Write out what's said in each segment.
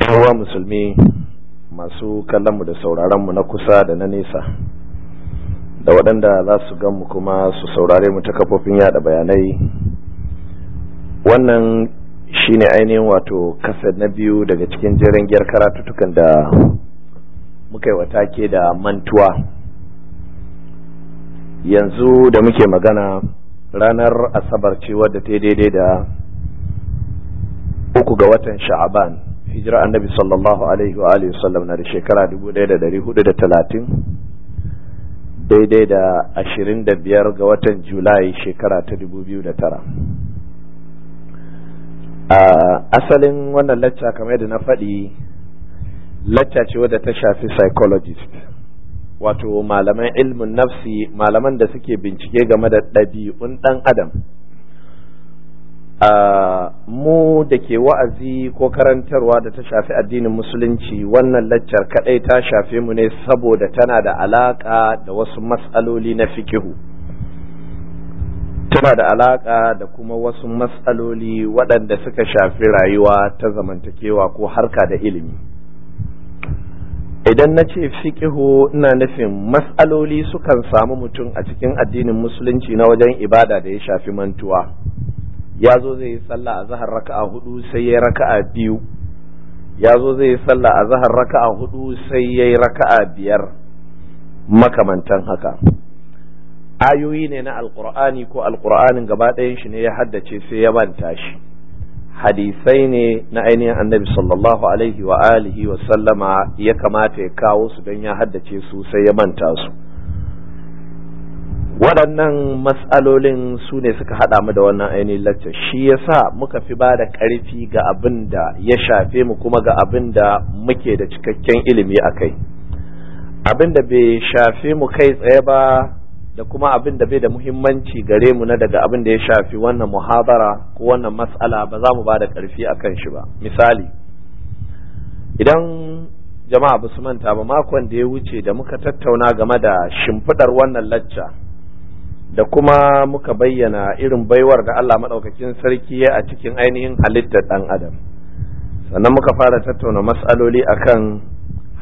yawa musulmi masu kallonmu da sauraronmu na kusa da na nesa da waɗanda za su ganmu kuma su saurare mu ta kafofin yada bayanai wannan shine ainihin wato kasa na biyu daga cikin jiran giyar karatutukan da muka yi ke da mantuwa yanzu da muke magana ranar asabar ce wadda ta daidai da uku ga watan sha'aban hijira annabi sallallahu alaihi wa alihi wasallam na da shekara 1430 daidai da 25 ga watan julai shekara ta 2009 a asalin wannan lacca kamar yadda na faɗi lacca ce wadda ta shafi psychologist wato malaman ilmin nafsi malaman da suke bincike game da ɗabi'un ɗan adam mu da ke wa'azi ko karantarwa da ta shafi addinin musulunci wannan laccar kaɗai ta shafe mu ne saboda tana da alaka da wasu matsaloli na fikihu tana da alaƙa da kuma wasu matsaloli waɗanda suka shafi rayuwa ta zamantakewa ko harka da ilimi idan na ce fikihu ina nufin matsaloli sukan samu mutum a cikin addinin musulunci na wajen ibada da ya shafi mantuwa ya zo zai yi sallah a zahar raka'a hudu sai ya raka'a biyu ya zo zai yi sallah a zahar raka'a hudu sai ya yi raka'a biyar makamantan haka ayoyi ne na alkur'ani ko alkur'anin gaba ɗayan shi ne ya haddace sai ya manta shi hadisai ne na ainihin annabi sallallahu alaihi wa alihi wa sallama ya kamata ya kawo su don ya haddace su sai ya manta su waɗannan matsalolin su ne suka haɗa mu da wannan ainihin lacca, shi yasa muka fi ba da ƙarfi ga abin da ya shafe mu kuma ga abin da muke da cikakken ilimi a kai abin da bai shafe mu kai tsaye ba da kuma abin da bai da muhimmanci gare mu na daga abin da ya shafi wannan muhabara ko wannan matsala ba za mu ba da ƙarfi a kan shi ba misali idan jama'a ba su manta ba makon da ya wuce da muka tattauna game da shimfiɗar wannan lacca da kuma muka bayyana irin baiwar da Allah maɗaukakin sarki ya a cikin ainihin halittar ɗan adam sannan muka fara tattauna matsaloli akan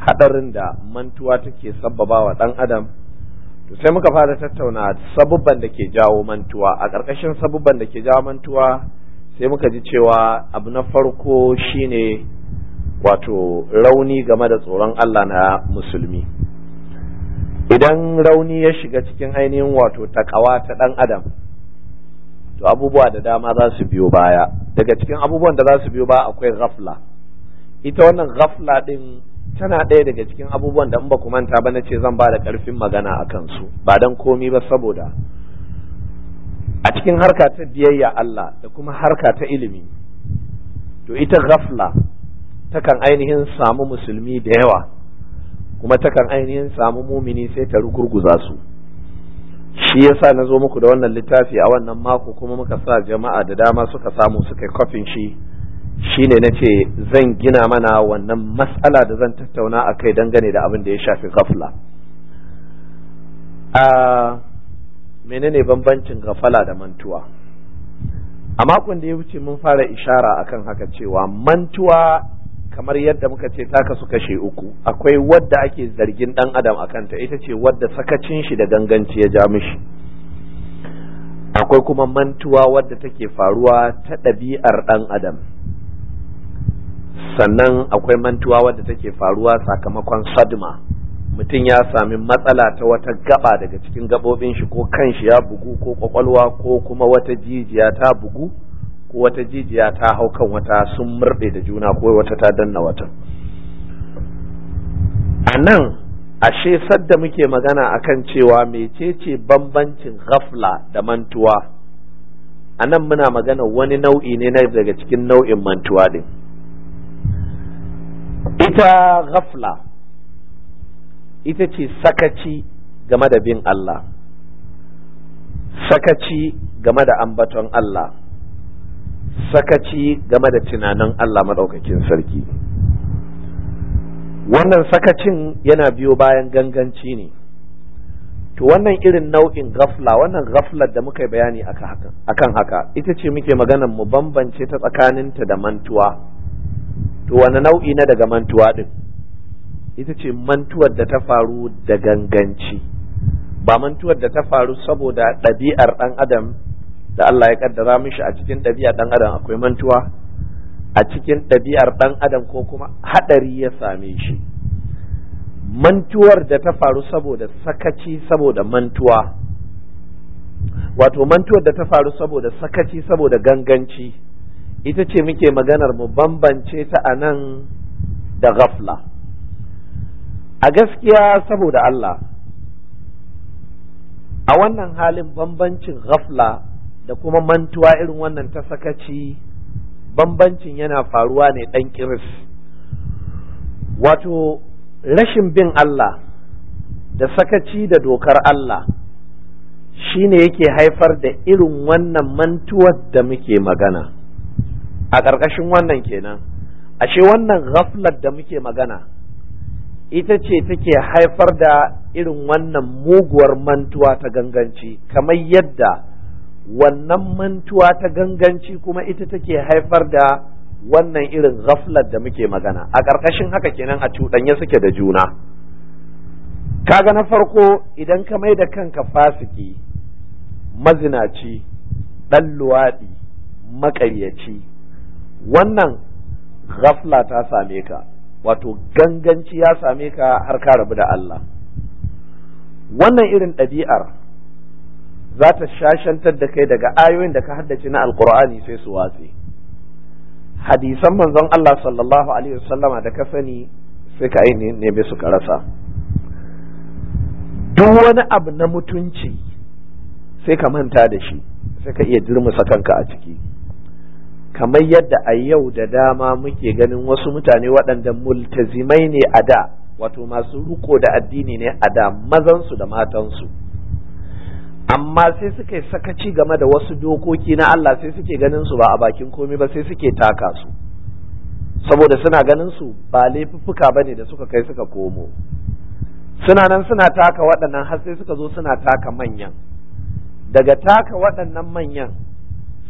haɗarin da mantuwa take sabbaba wa ɗan adam to sai muka fara tattauna sabubban da ke jawo mantuwa a ƙarƙashin sabubban da ke jawo mantuwa sai muka ji cewa abu na farko shine wato rauni game da tsoron Allah na musulmi idan rauni ya shiga cikin ainihin wato takawa ta ɗan adam to abubuwa da dama za su biyo baya daga cikin abubuwan da za su biyo baya akwai ghafla ita wannan ghafla ɗin tana ɗaya daga cikin abubuwan da in ba ku manta ba na ce zan ba da ƙarfin magana a kansu ba dan komi ba saboda a cikin harka ta biyayya Allah da kuma harka ta ilimi to ita ghafla takan ainihin samu musulmi da yawa kuma takan ainihin samu mumini sai ta rugurguza su shi yasa na zo muku da wannan littafi a wannan mako kuma muka sa jama'a da dama suka samu suka kofin shi shine na ce zan gina mana wannan matsala da zan tattauna a kai dangane da abin da ya shafi gafla a menene bambancin gafala da mantuwa a makon da ya wuce mun fara ishara akan haka cewa mantuwa kamar yadda muka ce ta kasu kashe uku akwai wadda ake zargin dan adam a kanta ita ce wadda sakacin shi da ganganci ya ja mishi akwai kuma mantuwa wadda take faruwa ta ɗabi'ar dan adam sannan akwai mantuwa wadda take faruwa sakamakon sadma mutum ya sami matsala ta wata gaba daga cikin gabobin shi ko kanshi ya bugu ko kwakwalwa ko kuma wata jijiya ta bugu wata jijiya ta hau kan wata sun murɗe da juna ko wata ta danna wata a nan ashe sadda muke magana akan cewa mecece bambancin ghafla da mantuwa a nan muna magana wani nau'i ne na daga cikin nau'in mantuwa din ita ghafla ita ce sakaci game da bin Allah sakaci game da ambaton Allah sakaci game da tunanin Allah maɗaukakin sarki wannan sakacin yana biyo bayan ganganci ne to wannan irin nau'in gafla wannan gaflar da muka yi bayani akan haka ita ce muke maganar mu bambance ta tsakaninta da mantuwa to wani nau'i na daga mantuwa din ita ce mantuwar da ta faru da ganganci ba mantuwar da ta faru saboda ɗabi'ar ɗan adam da Allah ya kaddara mishi a cikin ɗabi'ar ɗan adam akwai mantuwa a cikin ɗabi'ar ɗan adam ko kuma haɗari ya same shi mantuwar da ta faru saboda sakaci saboda mantuwa wato mantuwar da ta faru saboda sakaci saboda ganganci ita ce muke maganar mu bambance ta a nan da ghafla a gaskiya saboda Allah a wannan halin bambancin ghafla da kuma mantuwa irin wannan ta sakaci bambancin yana faruwa ne ɗan kiris wato rashin bin Allah da sakaci da dokar Allah shi ne yake haifar da irin wannan mantuwar da muke magana a ƙarƙashin wannan kenan ashe wannan ghaflar da muke magana ita ce take haifar da irin wannan muguwar mantuwa ta ganganci kamar yadda wannan mantuwa ta ganganci kuma ita take haifar da wannan irin zaflar da muke magana a ƙarƙashin haka kenan a cuɗanye suke da juna kaga na farko idan ka mai da kanka fasiki mazinaci ɗan luwaɗi maƙaryaci wannan ghafla ta same ka wato ganganci ya same ka har ka rabu da Allah wannan irin ɗabi'ar za ta shashantar da kai daga ayoyin da ka haddace na alkur'ani sai su watse hadisan manzon Allah sallallahu alaihi wasallama da ka sani sai ka ainihin nemi su ka rasa duk wani abu na mutunci sai ka manta da shi sai ka iya durmusa kanka a ciki kamar yadda a yau da dama muke ganin wasu mutane waɗanda multazimai ne a da wato masu riko da addini ne a da mazansu da matansu amma sai suka saka sakaci game da wasu dokoki na Allah sai suke ganin su ba a bakin komai ba sai suke taka su saboda suna ganin su ba laifuffuka bane da suka kai suka komo suna nan suna taka waɗannan har sai suka zo suna taka manyan daga taka waɗannan manyan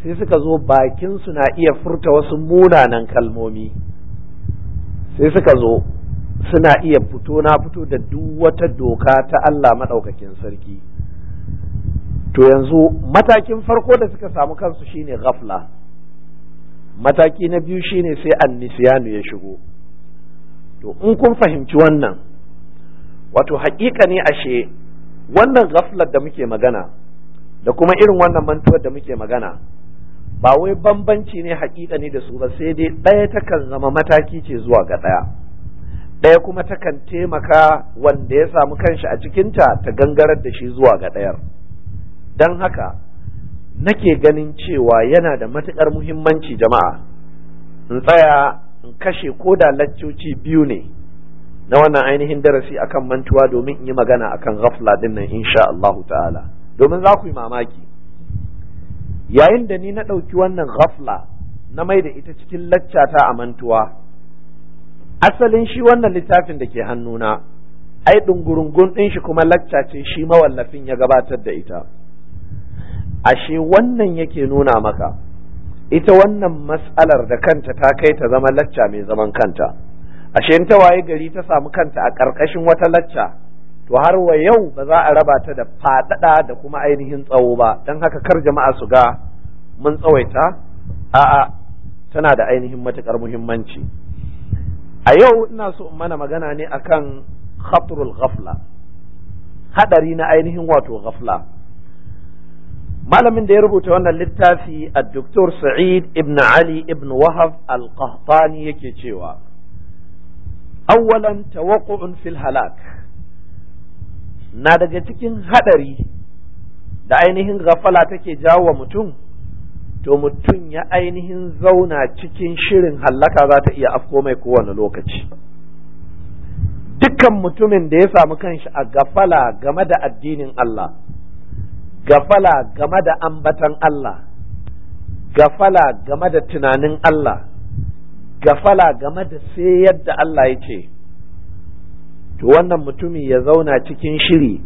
sai suka zo bakin su na iya furta wasu munanan kalmomi sai suka zo suna iya fito na fito da duk wata doka ta Allah maɗaukakin sarki to yanzu matakin farko da suka samu kansu shine ghafla mataki na biyu shine sai annisiyanu ya shigo to in kun fahimci wannan wato haƙiƙa ne ashe wannan ghaflar da muke magana da kuma irin wannan mantuwar da muke magana ba wai bambanci ne haƙiƙa ne da su ba sai dai ɗaya takan zama mataki ce zuwa ga ɗaya ɗaya kuma takan taimaka wanda ya samu kanshi a cikinta ta gangarar da shi zuwa ga ɗayar don haka nake ganin cewa yana da matuƙar muhimmanci jama'a in tsaya in kashe ko da laccoci biyu ne na wannan ainihin darasi akan mantuwa domin in yi magana akan ghafla din nan insha Allahu ta'ala domin za ku yi mamaki yayin da ni na ɗauki wannan ghafla na mai da ita cikin laccata a mantuwa asalin shi wannan littafin da ke hannuna ai ɗungurungun ɗin shi kuma lacca ce shi mawallafin ya gabatar da ita ashe wannan yake nuna maka ita wannan matsalar da kanta ta kai ta zama lacca mai zaman kanta ashe ta waye gari ta samu kanta a ƙarƙashin wata lacca to har wa yau ba za a raba ta da faɗaɗa da kuma ainihin tsawo ba don haka kar jama'a su ga mun tsawaita a'a tana da ainihin matuƙar muhimmanci a yau ina so in mana magana ne akan khatrul ghafla hadari na ainihin wato ghafla malamin da ya rubuta wannan littafi a Dr. Sa'id ibn Ali ibn Wahab al-Qahtani yake cewa awwalan tawaqqu'un fil halak na daga cikin hadari da ainihin gafala take jawo mutum to mutum ya ainihin zauna cikin shirin hallaka za ta iya afko mai kowane lokaci dukkan mutumin da ya samu kanshi a gafala game da addinin Allah gafala game da ambatan Allah gafala game da tunanin Allah gafala game da sai yadda Allah ya ce to wannan mutumi ya zauna cikin shiri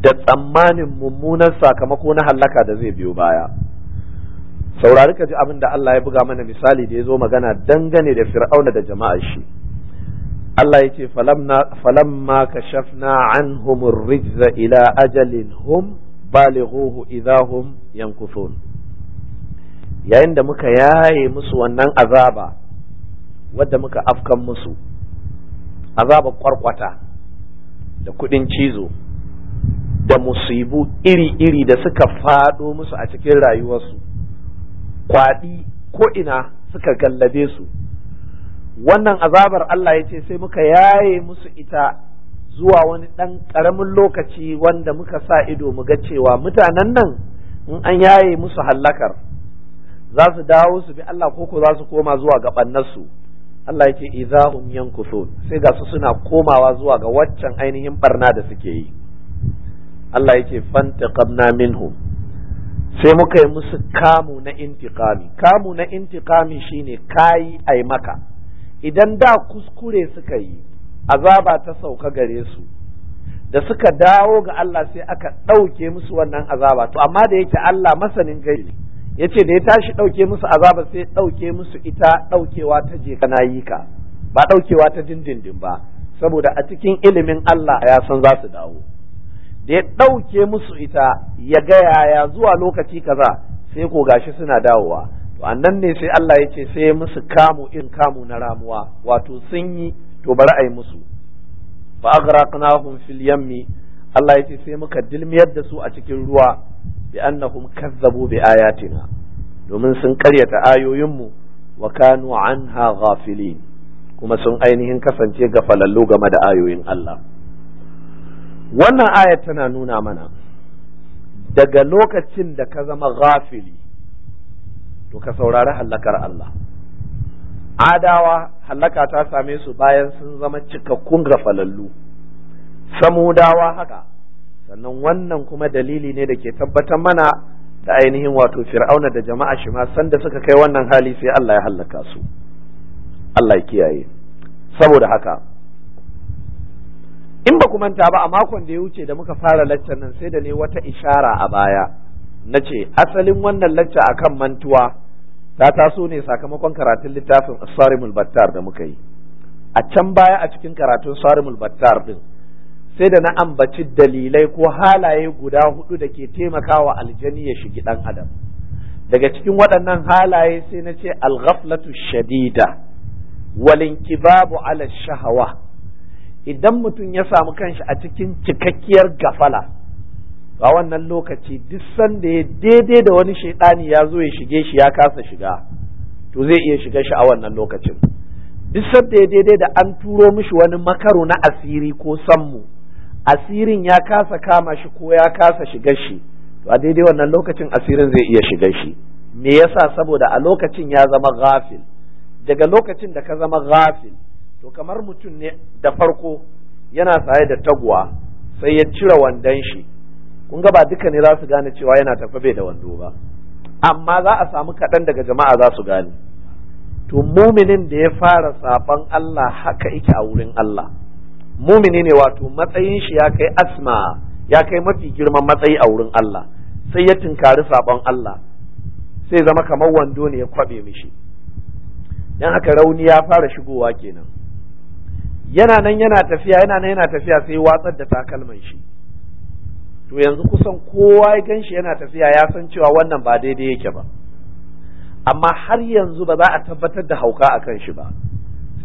da tsammanin mummunan sakamako na hallaka da zai biyo baya saurari ka ji abin da Allah ya buga mana misali da ya zo magana dangane da fir'auna da jama'ar shi Allah ya ce falamma kashafna anhumur rijza ila ajalin hum balighuhu idahum yankuthun yayin da muka yaye musu wannan azaba wadda muka afkan musu azaba kwarkwata da kudin cizo da musibu iri-iri da suka fado musu a cikin rayuwarsu kwaɗi ko ina suka gallabe su wannan azabar Allah ya ce sai muka yaye musu ita zuwa wani ɗan ƙaramin lokaci wanda muka sa ido mu ga cewa mutanen nan in an yaye musu hallakar za su dawo su bi Allah koko za su koma zuwa ga ɓannarsu Allah yake iza hum yankusun sai ga su suna komawa zuwa ga waccan ainihin barna da suke yi Allah yake fantaqabna minhum sai muka yi musu kamu na intiqami kamu na intiqami shine kayi ai maka idan da kuskure suka yi azaba ta sauka gare su da suka dawo ga Allah sai aka ɗauke musu wannan azaba to amma da yake Allah masanin gari ne yace da ya tashi ɗauke musu azaba sai ɗauke musu ita ɗaukewa ta je kana yi ka ba ɗaukewa ta dindindin ba saboda a cikin ilimin Allah ya san za su dawo da ya ɗauke musu ita ya ga yaya zuwa lokaci kaza sai ko gashi suna dawowa to annan ne sai Allah ya ce sai musu kamu in kamu na ramuwa wato sun yi to bari a yi musu fa aghraqnahum fil yammi Allah ya ce sai muka dilmiyar da su a cikin ruwa bi annahum kazzabu bi ayatina domin sun karyata ayoyinmu wa kanu anha ghafilin kuma sun ainihin kasance ga gafalallu game da ayoyin Allah wannan aya tana nuna mana daga lokacin da ka zama ghafili to ka saurari hallakar Allah adawa hallaka ta same su bayan sun zama cikakkun gafalallu samudawa haka sannan wannan kuma dalili ne da ke tabbatar mana da ainihin wato fir'auna da jama'a shi ma sanda suka kai wannan hali sai Allah ya hallaka su Allah ya kiyaye saboda haka in ba ku manta ba a makon da ya wuce da muka fara laccan nan sai da ne wata ishara a baya na ce asalin wannan lacca akan mantuwa ta so ne sakamakon karatun littafin sarimul battar da muka yi a can baya a cikin karatun sarimul battar din sai da na ambaci dalilai ko halaye guda hudu da ke taimakawa aljani ya shigi dan adam daga cikin waɗannan halaye sai na ce alghaflatu shadida walinkibabu ala shahawa idan mutum ya samu kanshi a cikin cikakkiyar gafala a wannan lokaci duk sanda ya daidai da wani shaidani ya zo ya shige shi ya kasa shiga to zai iya shiga shi a wannan lokacin duk sanda ya daidai da an turo mishi wani makaro na asiri ko sammu asirin ya kasa kama shi ko ya kasa shiga shi to a daidai wannan lokacin asirin zai iya shiga shi me yasa saboda a lokacin ya zama ghafil daga lokacin da ka zama ghafil to kamar mutum ne da farko yana saye da taguwa sai ya cire wandan shi kun ga ba duka ne za su gane cewa yana tafi bai da wando ba amma za a samu kaɗan daga jama'a za su gane to muminin da ya fara saban Allah haka yake a wurin Allah mumini ne wato matsayin shi ya kai asma ya kai mafi girman matsayi a wurin Allah sai ya tunkari saban Allah sai zama kamar wando ne ya kwabe mishi dan haka rauni ya fara shigowa kenan yana nan yana tafiya yana nan yana tafiya sai watsar da takalman shi to yanzu kusan kowa ya ganshi yana tafiya ya san cewa wannan ba daidai yake ba amma har yanzu ba za a tabbatar da hauka a kan shi ba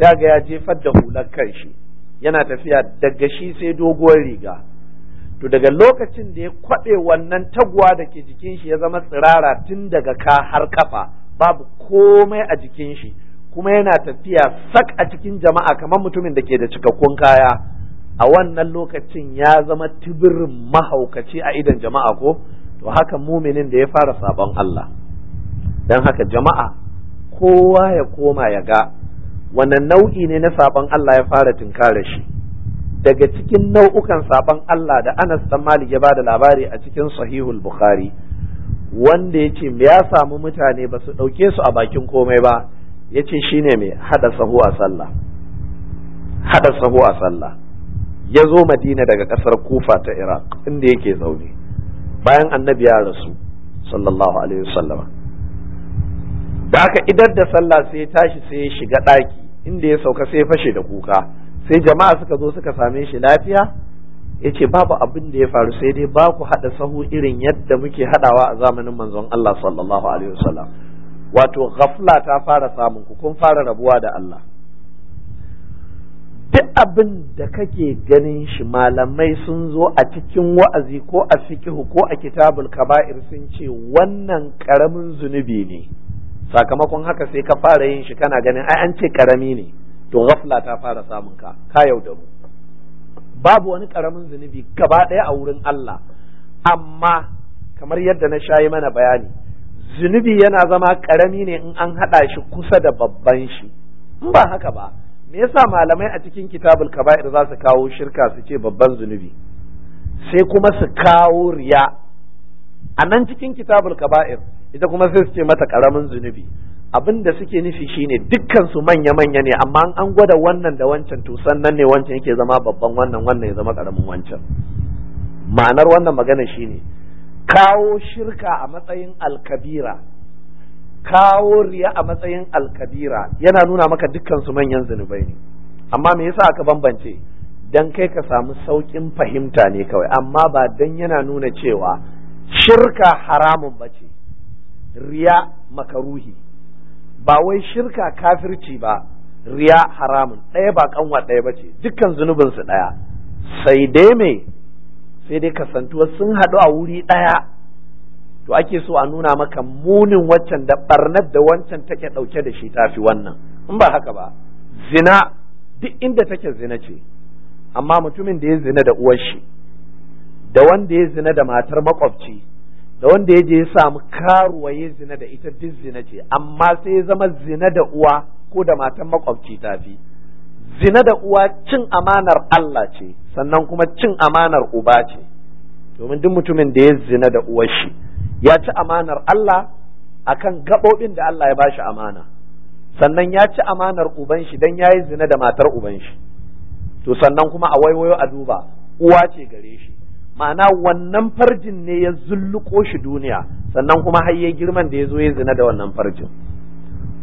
sai ga ya jefar da hular kan shi yana tafiya daga shi sai doguwar riga to daga lokacin da ya kwaɓe wannan taguwa da ke jikin shi ya zama tsirara tun daga ka har kafa babu komai a jikin shi kuma yana tafiya sak a cikin jama'a kamar mutumin da ke da cikakkun kaya a wannan lokacin ya zama tibirin mahaukaci a idan jama'a ko to haka muminin da ya fara sabon Allah don haka jama'a kowa ya koma ya ga wani nau'i ne na sabon Allah ya fara tinkara shi daga cikin nau'ukan sabon Allah da Anas dan Malik ya bada labari a cikin Sahihul Bukhari wanda ya ce ya samu mutane ba su ɗauke su a bakin komai ba ya ce shine mai haɗa sahu a sallah haɗa sahu a sallah ya zo madina daga kasar kufa ta iraq inda yake zaune bayan annabi ya rasu sallallahu alaihi wasallama da aka idar da sallah sai ya tashi sai ya shiga ɗaki inda ya sauka sai ya fashe da kuka sai jama'a suka zo suka same shi lafiya ya ce babu abin da ya faru sai dai ba ku haɗa sahu irin yadda muke haɗawa a zamanin manzon Allah sallallahu alaihi wasallam wato ghafla ta fara samun ku kun fara rabuwa da Allah duk abin da kake ganin shi malamai sun zo a cikin wa'azi ko a fikihu ko a kitabul kaba'ir sun ce wannan ƙaramin zunubi ne sakamakon haka sai ka fara yin shi kana ganin ai an ce ƙarami ne to ghafla ta fara samun ka ka mu babu wani ƙaramin zunubi gaba ɗaya a wurin Allah amma kamar yadda na shayi mana bayani zunubi yana zama ƙarami ne in an haɗa shi kusa da babban shi in ba haka ba me yasa malamai a cikin kitabul kaba'ir za su kawo shirka su ce babban zunubi sai kuma su kawo riya a nan cikin kitabul kaba'ir ita kuma sai su ce mata karamin zunubi abin da suke nufi shine dukkan su manya manya ne amma an gwada wannan da wancan to sannan ne wancan yake zama babban wannan wannan ya zama karamin wancan ma'anar wannan magana shine kawo shirka a matsayin alkabira kawo riya a matsayin alkabira yana nuna maka dukkan su manyan zunubai ne amma me yasa aka bambance dan kai ka samu saukin fahimta ne kawai amma ba dan yana nuna cewa shirka haramun bace riya makaruhi ba wai shirka kafirci ba riya haramun ɗaya ba kanwa ɗaya bace dukkan zunubin su ɗaya sai dai me sai dai kasantuwa sun haɗu a wuri ɗaya to ake so a nuna maka munin waccan da barnar da wancan take dauke da shi tafi wannan in ba haka ba zina duk inda take zina ce amma mutumin da ya zina da uwar shi da wanda ya zina da matar makwabci da wanda ya je ya samu karuwa ya zina da ita duk zina ce amma sai ya zama zina da uwa ko da matar makwabci tafi zina da uwa cin amanar Allah ce sannan kuma cin amanar uba ce domin duk mutumin da ya zina da uwar shi ya ci amanar Allah akan gaɓoɓin da Allah ya bashi amana sannan ya ci amanar uban shi dan yayi zina da matar uban shi to sannan kuma a waiwayo a duba uwa ce gare shi ma'ana wannan farjin ne ya zulluko shi duniya sannan kuma har ya girman da ya zo ya zina da wannan farjin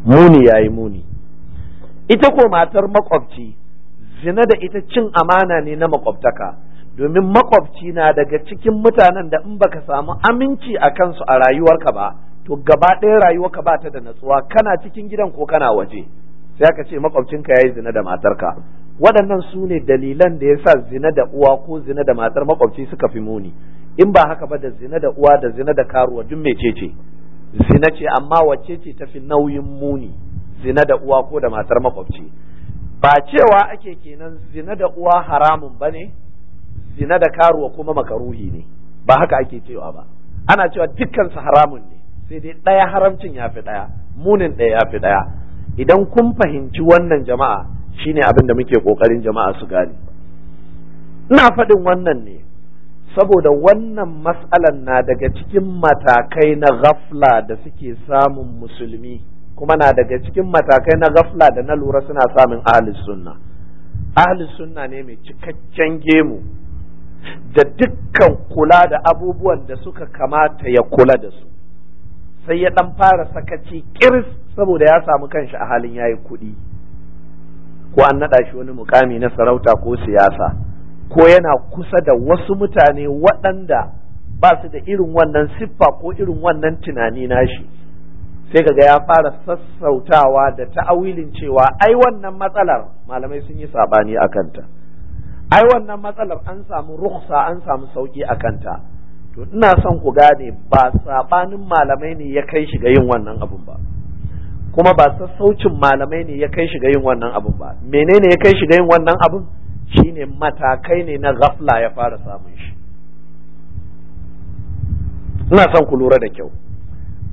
muni yayi muni ita ko matar makwabci zina da ita cin amana ne na makwabtaka domin makwabci na daga cikin mutanen da in baka samu aminci a kansu a rayuwarka ba to gaba ɗaya rayuwarka ba ta da natsuwa kana cikin gidan ko kana waje sai aka ce makwabcinka yi zina da matarka waɗannan su ne dalilan da ya sa zina da uwa ko zina da matar makwabci suka fi muni in ba haka ba da zina da uwa da zina da karuwa duk ce zina ce amma wacce ce fi nauyin muni zina da uwa ko da matar makwabci ba cewa ake kenan zina da uwa haramun ba ne zina da karuwa kuma makaruhi ne ba haka ake cewa ba ana cewa dukkansu haramun ne sai dai ɗaya haramcin ya fi ɗaya munin ɗaya ya fi ɗaya idan kun fahimci wannan jama'a shine abin da muke ƙoƙarin jama'a su gane ina faɗin wannan ne saboda wannan matsalan na daga cikin matakai na gafla da suke samun musulmi kuma na daga cikin matakai na gafla da na lura suna samun ahlus sunna ahlus sunna ne mai cikakken gemu da dukkan kula da abubuwan da suka kamata ya kula da su sai ya ɗan fara sakaci kiris saboda ya samu kanshi a halin yayi kuɗi ko an naɗa shi wani mukami na sarauta ko siyasa ko yana kusa da wasu mutane waɗanda ba su da irin wannan siffa ko irin wannan tunani nashi sai kaga ya fara sassautawa da ta'awilin cewa ai wannan matsalar malamai sun yi saɓani a kanta. ai wannan matsalar an samu rukhsa an samu sauki a kanta to ina son ku gane ba sabanin malamai ne ya kai shi ga yin wannan abun ba kuma ba sassaucin malamai ne ya kai shi ga yin wannan abun ba menene ya kai shi ga yin wannan abun shine matakai ne na ghafla ya fara samun shi ina son ku lura da kyau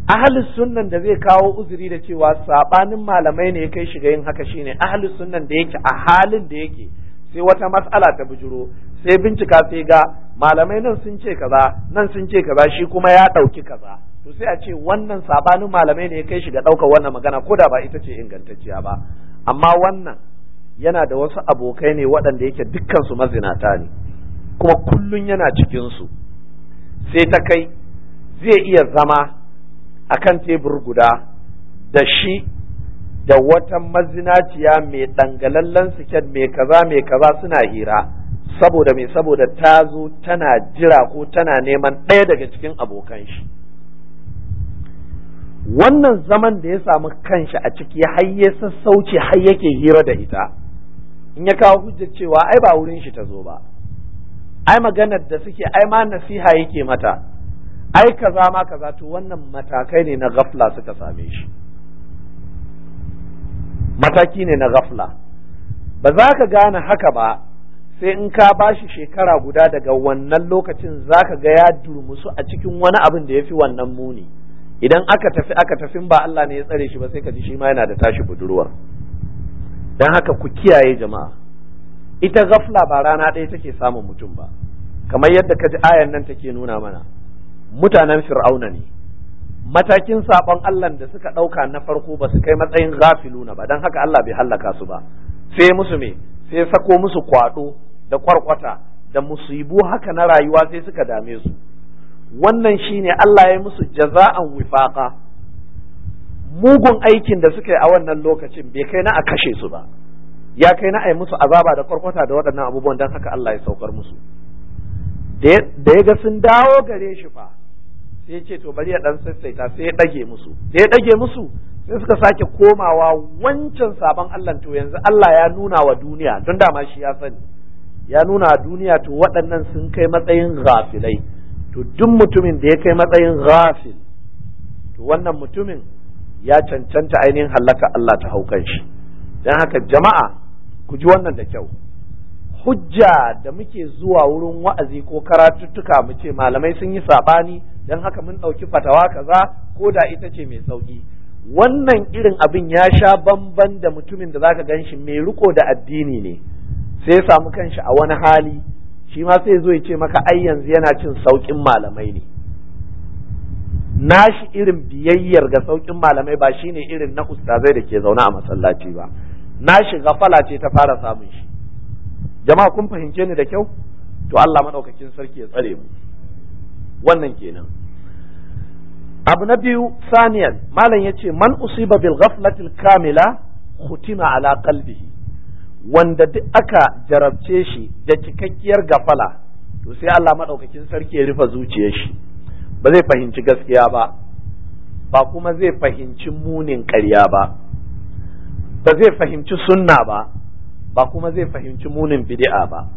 ahlus sunnan da zai kawo uzuri da cewa sabanin malamai ne ya kai shi ga yin haka shine ahlus sunnan da yake a halin da yake sai wata matsala ta bijiro, sai bincika sai ga malamai nan sun ce kaza nan sun ce kaza shi kuma ya ɗauki kaza to sai a ce wannan sabanin malamai ne ya kai shi ga ɗaukar wannan magana ko da ba ita ce ingantacciya ba amma wannan yana da wasu abokai ne waɗanda yake dukkansu mazinata ne kuma kullum yana cikin su sai ta kai zai iya zama akan tebur guda da shi da wata mazinaciya mai dangalallen siket mai kaza mai kaza suna hira saboda mai saboda ta zo tana jira ko tana neman ɗaya daga cikin abokan shi wannan zaman da ya samu kanshi a ciki har ya sassauce har yake hira da ita in ya kawo hujjar cewa ai ba wurin shi ta zo ba ai maganar da suke ai ma nasiha yake mata ai kaza ma kaza to wannan matakai ne na gafla suka same shi mataki ne na gafla ba za ka gane haka ba sai in ka ba shi shekara guda daga wannan lokacin za ka ga ya durmusu a cikin wani abin da ya fi wannan muni idan aka tafi aka tafin ba Allah ne ya tsare shi ba sai ka ji shi ma yana da tashi budurwar don haka ku kiyaye jama'a ita gafla ba rana ɗaya take samun mutum ba kamar yadda ka ji ayan nan take nuna mana mutanen fir'auna ne matakin sabon Allah da suka ɗauka na farko ba su kai matsayin gafiluna ba don haka Allah bai hallaka su ba sai musu me sai sako musu kwaɗo da kwarkwata da musibu haka na rayuwa sai suka dame su wannan shine Allah ya musu jaza'an wifaqa mugun aikin da suka yi a wannan lokacin bai kai na a kashe su ba ya kai na a yi musu azaba da kwarkwata da waɗannan abubuwan don haka Allah ya saukar musu da ya ga sun dawo gare shi fa sai ya ce to bari ya dan sassaita sai ya ɗage musu da ya ɗage musu sai suka sake komawa wancan sabon Allah to yanzu Allah ya nuna wa duniya don dama shi ya sani ya nuna wa duniya to waɗannan sun kai matsayin ghafilai to duk mutumin da ya kai matsayin ghafil to wannan mutumin ya cancanta ainihin halaka Allah ta haukan shi don haka jama'a ku ji wannan da kyau hujja da muke zuwa wurin wa'azi ko karatuttuka mu ce malamai sun yi sabani don haka mun ɗauki fatawa kaza ko da ita ce mai sauƙi wannan irin abin ya sha bamban da mutumin da zaka gan shi mai riko da addini ne sai ya samu kanshi a wani hali shi ma sai zo ya ce maka ai yanzu yana cin sauƙin malamai ne nashi irin biyayyar ga sauƙin malamai ba shine irin na ustazai da ke zaune a masallaci ba nashi gafala ce ta fara samun shi jama'a kun fahimce ni da kyau to Allah madaukakin sarki ya tsare mu wannan kenan abu na biyu saniyan malam ya ce man usiba bil ghaflatil kamila hutima ala qalbihi wanda duk aka jarabce shi da cikakkiyar gafala to sai Allah madaukakin sarki ya rufe zuciyar shi ba zai fahimci gaskiya ba ba kuma zai fahimci munin ƙarya ba ba zai fahimci sunna ba ba kuma zai fahimci munin bid'a ba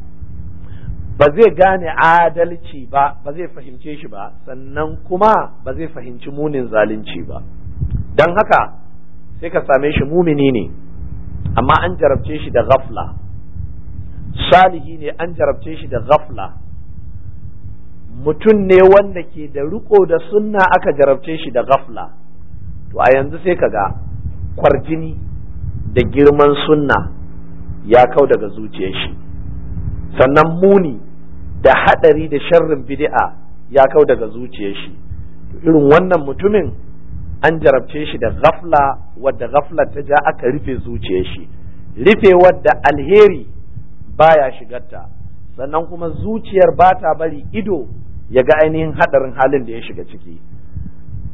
ba zai gane adalci ba ba zai fahimce shi ba sannan kuma ba zai fahimci munin zalunci ba don haka sai ka same shi mumini ne amma an jarabce shi da ghafla salihi ne an jarabce shi da ghafla mutum ne wanda ke da riko da sunna aka jarabce shi da ghafla to a yanzu sai ka ga kwarjini da girman sunna ya kau daga zuciyar shi sannan muni da haɗari da sharrin bid'a ya kau daga zuciyar shi irin wannan mutumin an jarabce shi da ghafla wadda ghafla ta ja aka rufe zuciyar shi rufe wadda alheri baya shigarta sannan kuma zuciyar ba ta bari ido ya ga ainihin hadarin halin da ya shiga ciki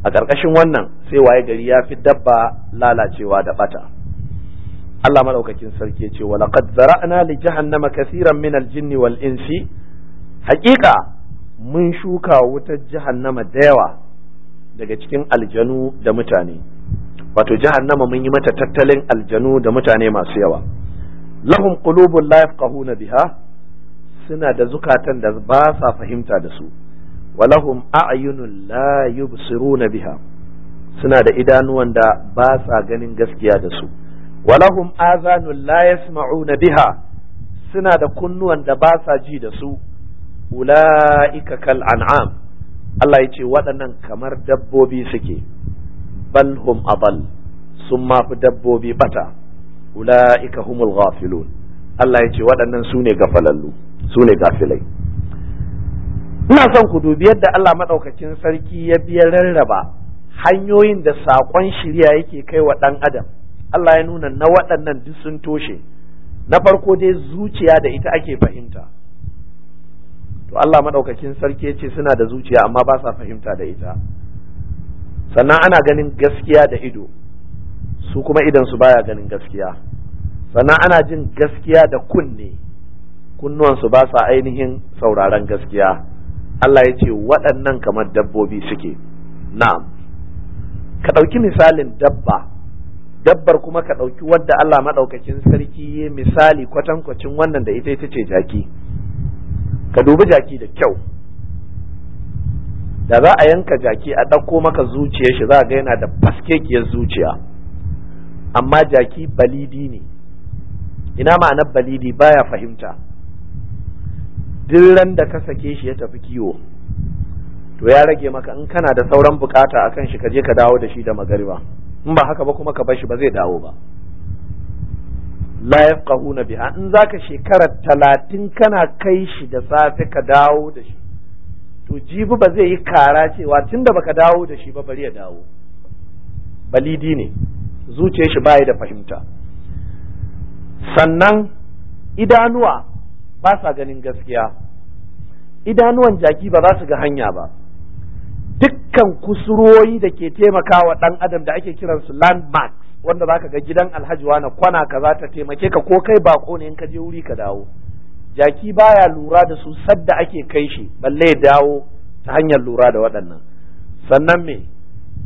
a ƙarƙashin wannan sai waye gari ya fi dabba lalacewa da bata Allah madaukakin sarki ya ce wa laqad zara'na li jahannama kaseeran min al-jinni wal insi hakika mun shuka wutar jahannama da yawa daga cikin aljanu da mutane wato jahannama mun yi mata tattalin aljanu da mutane masu yawa lahum qulubun la yafqahuna biha suna da zukatan da ba sa fahimta da su walahum a'yunun la yubsiruna biha suna da idanuwan da ba sa ganin gaskiya da su walahum azanun la yasma'una biha suna da kunnuwan da ba sa ji da su ula'ika kal an'am Allah ya ce waɗannan kamar dabbobi suke bal hum abal sun mafi dabbobi bata ula'ika humul ghafilun Allah ya ce waɗannan su ne gafalallu su ne gafilai ina son ku dubi yadda Allah maɗaukakin sarki ya biya rarraba hanyoyin da saƙon shirya yake kai wa ɗan adam Allah ya nuna na waɗannan duk sun toshe na farko dai zuciya da ita ake fahimta to Allah madaukakin sarki yace suna da zuciya amma ba sa fahimta da ita sannan ana ganin gaskiya da ido su kuma idan su baya ganin gaskiya sannan ana jin gaskiya da kunne kunnuwansu ba sa ainihin sauraron gaskiya Allah ya ce waɗannan kamar dabbobi suke na'am ka ɗauki misalin dabba dabbar kuma ka ɗauki wadda Allah maɗaukakin sarki ya misali kwatankwacin wannan da ita ita ce jaki ka dubi jaki da kyau da za a yanka jaki a ɗauko maka zuciyar shi za ga yana da faskekiyar zuciya amma jaki balidi ne ina ma'anar balidi baya fahimta duk ran da ka sake shi ya tafi kiwo to ya rage maka in kana da sauran bukata akan shi ka je ka dawo da shi da magariba in ba haka ba kuma ka bar shi ba zai dawo ba la yafqahuna biha in zaka shekara talatin kana kai shi da safe ka dawo da shi to jibi ba zai yi kara cewa tunda baka dawo da shi ba bari ya dawo balidi ne zuciyar shi baya da fahimta sannan idanuwa ba sa ganin gaskiya idanuwan jaki ba za su ga hanya ba dukkan kusuroyi da ke taimakawa dan adam da ake kiransu landmarks wanda zaka ga gidan alhaji wani kwana kaza ta taimake ka ko kai bako ne in ka je wuri ka dawo jaki baya lura da su sadda ake kai shi balle ya dawo ta hanyar lura da waɗannan sannan me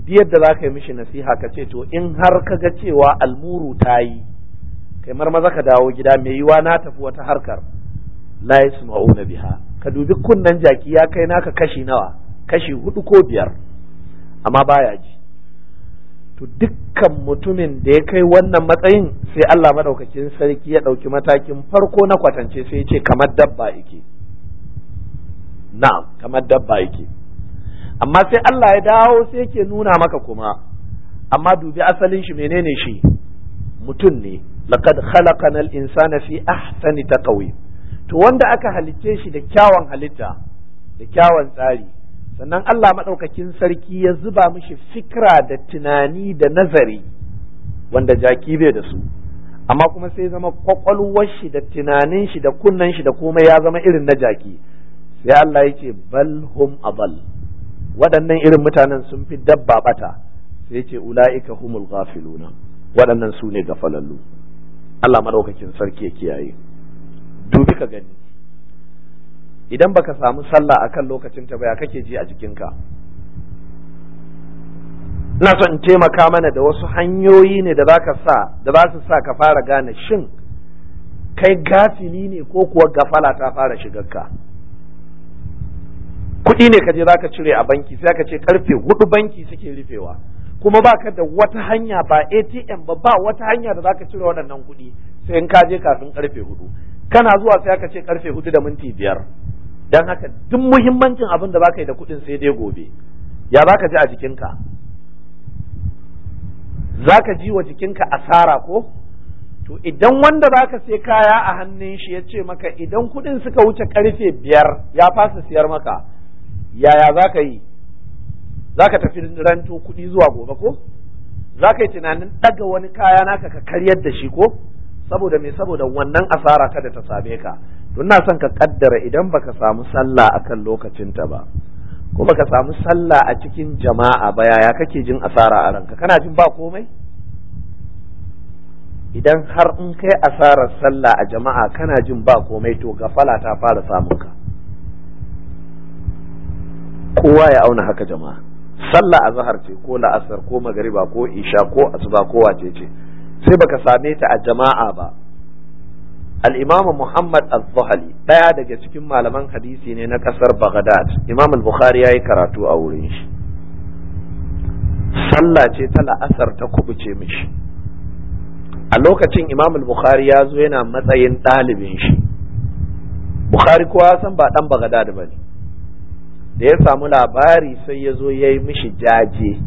yadda za ka yi mishi nasiha ka ce to in har ka ga cewa almuru ta yi kai marmaza ka dawo gida mai yiwa na tafi wata harkar la yasma'u biha ka dubi kunnan jaki ya kai naka kashi nawa kashi hudu ko biyar amma baya ji to dukkan mutumin da ya kai wannan matsayin sai Allah madaukakin sarki ya ɗauki matakin farko na kwatance sai ya ce kamar dabba yake na'am kamar dabba yake amma sai Allah ya dawo sai yake nuna maka kuma amma dubi asalin shi menene shi mutum ne laqad khalaqanal insana fi ahsani taqwim to wanda aka halicce shi da kyawun halitta da kyawun tsari sannan Allah maɗaukakin sarki ya zuba mishi fikra da tunani da nazari wanda jaki bai da su amma kuma sai zama kwakwalwar shi da tunanin shi da kunnan shi da komai ya zama irin na jaki sai Allah ya ce bal hum abal waɗannan irin mutanen sun fi dabba bata sai ya ce ula'ika humul ghafiluna waɗannan su ne gafalallu Allah maɗaukakin sarki ya kiyaye dubi ka gani idan baka samu sallah akan lokacin ta baya kake ji a jikinka ina so in taimaka mana da wasu hanyoyi ne da zaka sa da za su sa ka fara gane shin kai gafili ne ko kuwa gafala ta fara ka. kuɗi ne kaje zaka cire a banki sai ka ce karfe hudu banki suke rufewa kuma ba ka da wata hanya ba ATM ba ba wata hanya da zaka cire waɗannan kuɗi sai in ka je kafin karfe hudu kana zuwa sai ka ce karfe hudu da minti biyar dan haka duk muhimmancin abin da baka yi da kuɗin sai dai gobe ya baka ji a jikinka zaka ji wa jikinka asara ko to idan wanda zaka sai kaya a hannun shi ya ce maka idan kuɗin suka wuce karfe biyar ya fasa siyar maka yaya zaka yi zaka tafi ranto kuɗi zuwa gobe ko zaka yi tunanin daga wani kaya naka ka karyar da shi ko saboda me saboda wannan asara kada ta same ka to ina son ka kaddara idan baka samu sallah akan lokacinta ba ko baka samu sallah a cikin jama'a ba yaya kake jin asara a ranka kana jin ba komai idan har in kai asarar sallah a jama'a kana jin ba komai to gafala ta fara samun ka kowa ya auna haka jama'a sallah a zahar ce ko la'asar ko magariba ko isha ko asuba ko wace ce sai baka same ta a jama'a ba al-imam Muhammad al-Zahali daga cikin malaman hadisi ne na kasar Baghdad imam al-Bukhari yayi karatu a wurin shi sallah ce ta la'asar ta kubuce mishi a lokacin imam al-Bukhari ya zo yana matsayin ɗalibin shi Bukhari kowa san ba dan Baghdad bane da ya samu labari sai ya zo ya yi mishi jaje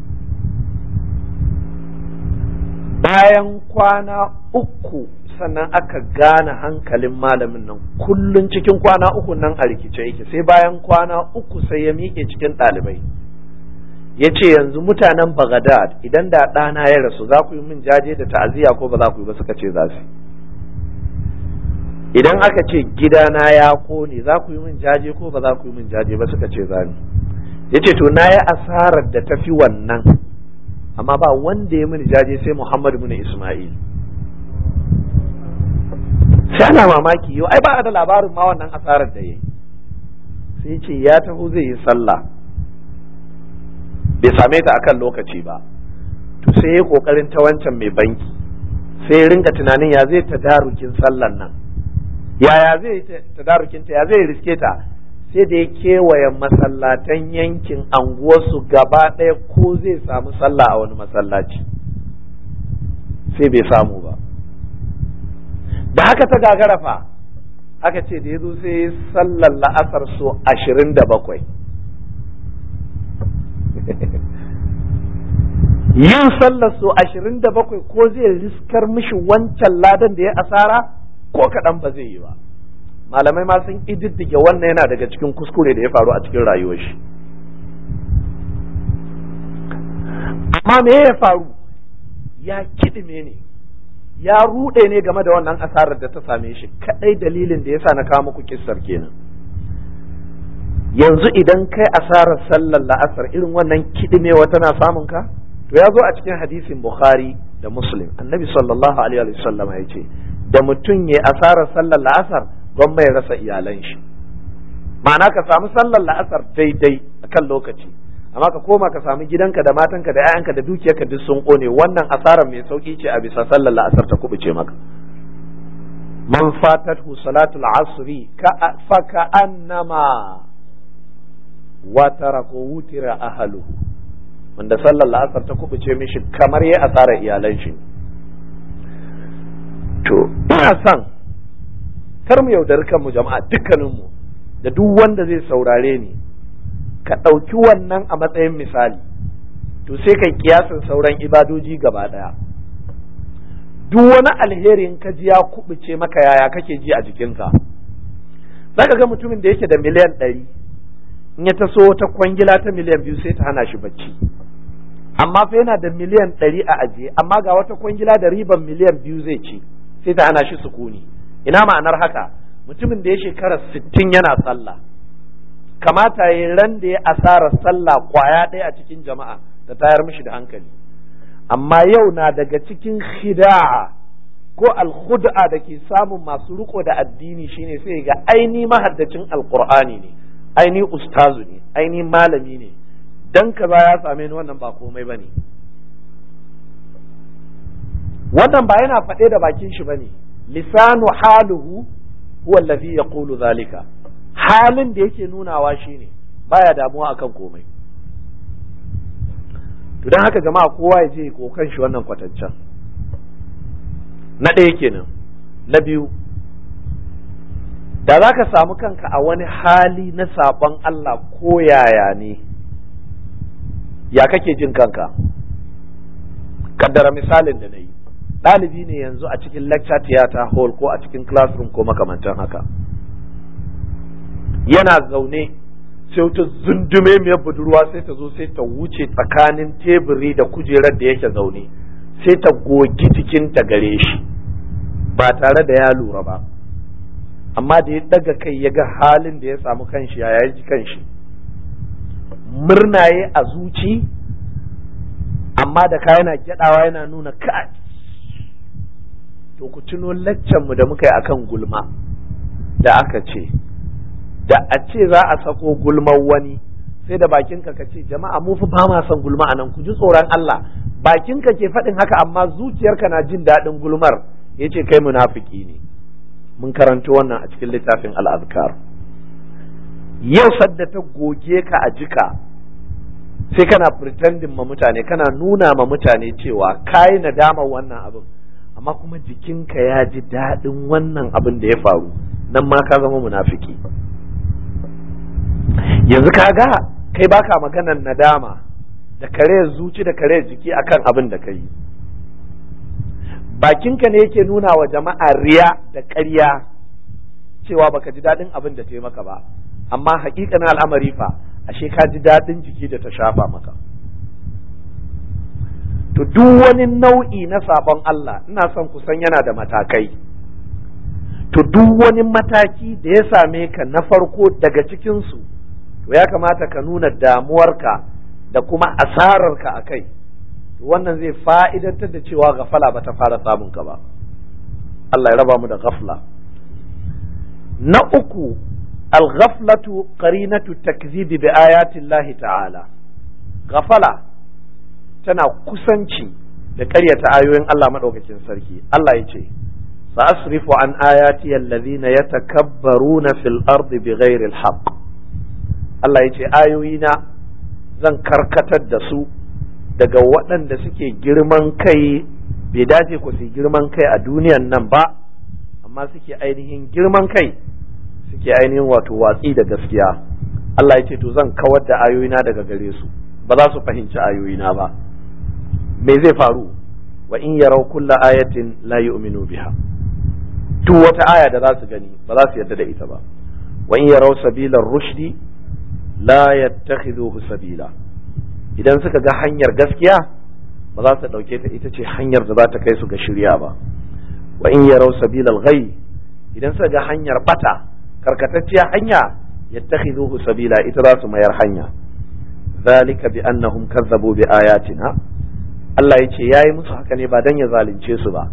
bayan kwana uku sannan aka gane hankalin malamin nan kullum cikin kwana uku nan a rikice yake sai bayan kwana uku sai ya miƙe cikin ɗalibai ya ce yanzu mutanen bagadad idan da ɗana ya rasu za ku yi min jaje da ta'aziyya ko ba za ku yi ba suka ce za su idan aka ce gidana ya kone za ku yi min jaje ko ba za ku yi min jaje ba suka ce za ni ya ce to na yi asarar da tafi wannan amma ba wanda ya mini jaje sai Muhammadu bin Ismail sai ana mamaki yau ai ba a da labarin ma wannan asarar da yayi sai ce ya taho zai yi sallah bai same ta akan lokaci ba to sai ya kokarin ta wancan mai banki sai ya ringa tunanin ya zai ta darukin sallan nan yaya zai ta darukin ya zai riske ta sai da ya kewaye masallatan yankin anguwarsu gaba ɗaya ko zai samu sallah a wani masallaci sai bai samu ba da haka ta gagarafa, fa aka ce da ya zo sai sallar la'asar so ashirin da bakwai yin sallar so ashirin da bakwai ko zai riskar mishi wancan ladan da ya asara ko kaɗan ba zai yi ba malamai ma sun ididdige wannan yana daga cikin kuskure da ya faru a cikin rayuwar shi amma me ya faru ya kiɗime ne ya rude ne game da wannan asarar da ta same shi kadai dalilin da yasa na kawo muku kissar kenan yanzu idan kai asarar sallar la'asar irin wannan kidimewa tana samun ka to ya zo a cikin hadisin bukhari da muslim annabi sallallahu alaihi wasallam ya ce da mutum ya asarar sallar la'asar don mai rasa iyalan shi ma'ana ka samu sallar la'asar daidai a kan lokaci amma ka koma ka samu gidanka da matanka da 'ya'yanka da dukiyarka duk sun kone wannan asarar mai sauki ce a bisa sallar la'asar ta kubuce maka man fatatu salatul asri ka fa ka annama wa taraka wutira ahlu wanda sallar la'asar ta kubuce mishi kamar yayi asarar iyalan shi to ina son kar mu yaudari kanmu jama'a dukkaninmu da duk wanda zai saurare ni ka ɗauki wannan a matsayin misali to sai kai kiyasin sauran ibadoji gaba ɗaya duk wani alherin ka ji ya kubuce maka yaya kake ji a jikinka zaka ga mutumin da yake da miliyan ɗari in ya taso ta kwangila ta miliyan biyu sai ta hana shi bacci amma fa yana da miliyan ɗari a ajiye amma ga wata kwangila da riban miliyan biyu zai ci sai ta hana shi sukuni ina ma'anar haka mutumin da ya shekara sittin yana sallah kamata ya ran da ya asara sallah kwaya ɗaya a cikin jama'a da tayar mishi da hankali amma yau na daga cikin khida'a ko alkhud'a da ke samun masu riko da addini shine sai ga aini mahaddacin alqur'ani ne aini ustazu ne aini malami ne dan kaza ya same ni wannan ba komai bane wannan ba yana faɗe da bakin shi bane lisanu haluhu huwa alladhi yaqulu zalika halin da yake nunawa shi shine baya damuwa akan komai to don haka jama'a kowa ya je kokan shi wannan kwatancan na ɗaya kenan na biyu da za ka samu kanka a wani hali na sabon Allah ko yaya ne ya kake jin kanka kaddara misalin da na yi ɗalibi ne yanzu a cikin lecture theater hall ko a cikin classroom ko makamantan haka yana zaune sai wata zundume mai budurwa sai ta zo sai ta wuce tsakanin teburi da kujerar da yake zaune sai ta gogi ta gare shi ba tare da ya lura ba amma da ya daga kai ya ga halin da ya samu kanshi ya yaji kanshi murnaye a zuci amma da ka yana gyadawa yana nuna kai to ku tuno mu da muka yi akan gulma da aka ce da a ce za a sako gulman wani sai da bakinka ka ce jama'a mu fi ba ma son gulma anan ku ji tsoron Allah bakinka ke faɗin haka amma zuciyarka na jin daɗin gulmar yace kai munafiki ne mun karanto wannan a cikin littafin al'azkar yau sadda ta goge ka a jika sai kana pretending ma mutane kana nuna ma mutane cewa kayi nadama wannan abin amma kuma jikinka ya ji daɗin wannan abin da ya faru nan ma ka zama munafiki yanzu ka ga kai baka maganan nadama da kare zuci da kare jiki akan abin da kai bakinka ne yake nuna wa jama'a riya da ƙarya cewa baka ji daɗin abin da ta yi maka ba amma haƙiƙanin al'amari fa ashe ka ji daɗin jiki da ta shafa maka to duk wani nau'i na sabon Allah ina son ku san yana da matakai to duk wani mataki da ya same ka na farko daga cikinsu to ya kamata ka nuna damuwarka da kuma asararka a kai wannan zai fa'idantar da cewa gafala ba ta fara samun ka ba Allah ya raba mu da gafla na uku al-ghaflatu qarinatu takzibi bi ayatillahi ta'ala gafala tana kusanci da ƙaryata ayoyin Allah maɗaukacin sarki Allah ya ce sa'asrifu an ayati allazina yatakabbaruna fil ardi bighairi al-haqq Allah ya ce ayoyina zan karkatar da su daga waɗanda suke girman kai bai dace ku su girman kai a duniyan nan ba amma suke ainihin girman kai suke ainihin wato watsi da gaskiya Allah ya ce to zan kawar da ayoyina daga gare su ba za su fahimci ayoyina ba me zai faru wa in yaraw kulla ayatin la yu'minu biha duk wata aya da za su gani ba za su yarda da ita ba wa in yaraw sabilar rushdi la yattakhidhuhu sabila idan suka ga hanyar gaskiya ba za su ɗauke ta ita ce hanyar da za ta kai su ga shirya ba wa in yaraw sabilal ghay idan suka ga hanyar bata karkatacciya hanya yattakhidhuhu sabila ita za su mayar hanya zalika bi annahum kazzabu bi ayatina Allah ya ce yayi musu haka ne ba dan ya zalunce su ba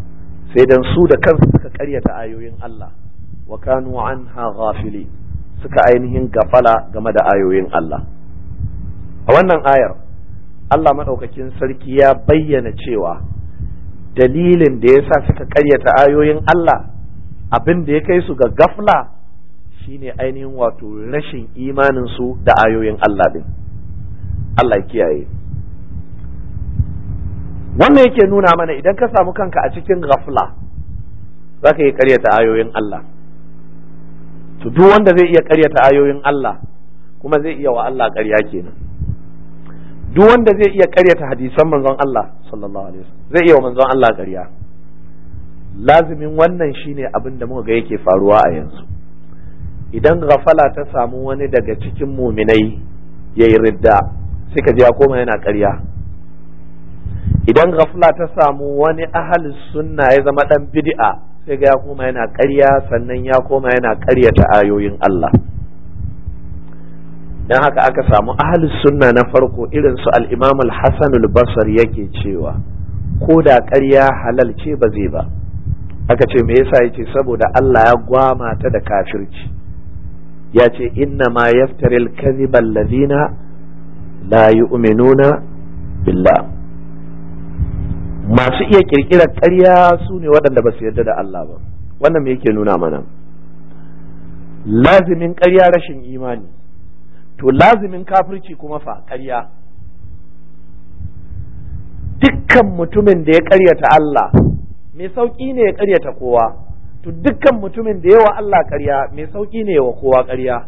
sai dan su da kansu suka karyata ayoyin Allah wa kanu anha ghafilin suka ainihin gafala game da ayoyin Allah a wannan ayar Allah maɗaukakin sarki ya bayyana cewa dalilin da ya sa suka ƙaryata ayoyin Allah abin da ya kai su ga gafla shine ainihin wato rashin imaninsu da ayoyin Allah ɗin Allah kiyaye wannan yake nuna mana idan ka samu kanka a cikin gafla za ka yi ƙaryata ayoyin Allah to duk wanda zai iya karyata ayoyin Allah kuma zai iya wa Allah ƙarya kenan duk wanda zai iya karyata hadisan manzon Allah sallallahu alaihi wasallam zai iya wa manzon Allah ƙarya lazimin wannan shine abin da muka ga yake faruwa a yanzu idan gafala ta samu wani daga cikin muminai yayi ridda sai ka ji ya koma yana ƙarya idan gafala ta samu wani ahalin sunna ya zama dan bid'a sai ga ya koma yana ƙarya sannan ya koma yana ƙaryata ayoyin Allah dan haka aka samu ahlus sunna na farko irin su al-Imam al-Hasan al-Basri yake cewa ko da ƙarya halal ce ba zai ba aka ce me yasa yace saboda Allah ya gwama ta da kafirci ya ce inna ma yaftaril kadhiba na la yu'minuna billah masu iya kirkirar ƙarya su ne waɗanda ba su yarda da Allah ba wannan me yake nuna mana lazimin ƙarya rashin imani to lazimin kafirci kuma fa ƙarya dukkan mutumin da ya ƙaryata Allah mai sauƙi ne ya ƙaryata kowa to dukkan mutumin da yawa Allah ƙarya mai sauƙi ne wa kowa ƙarya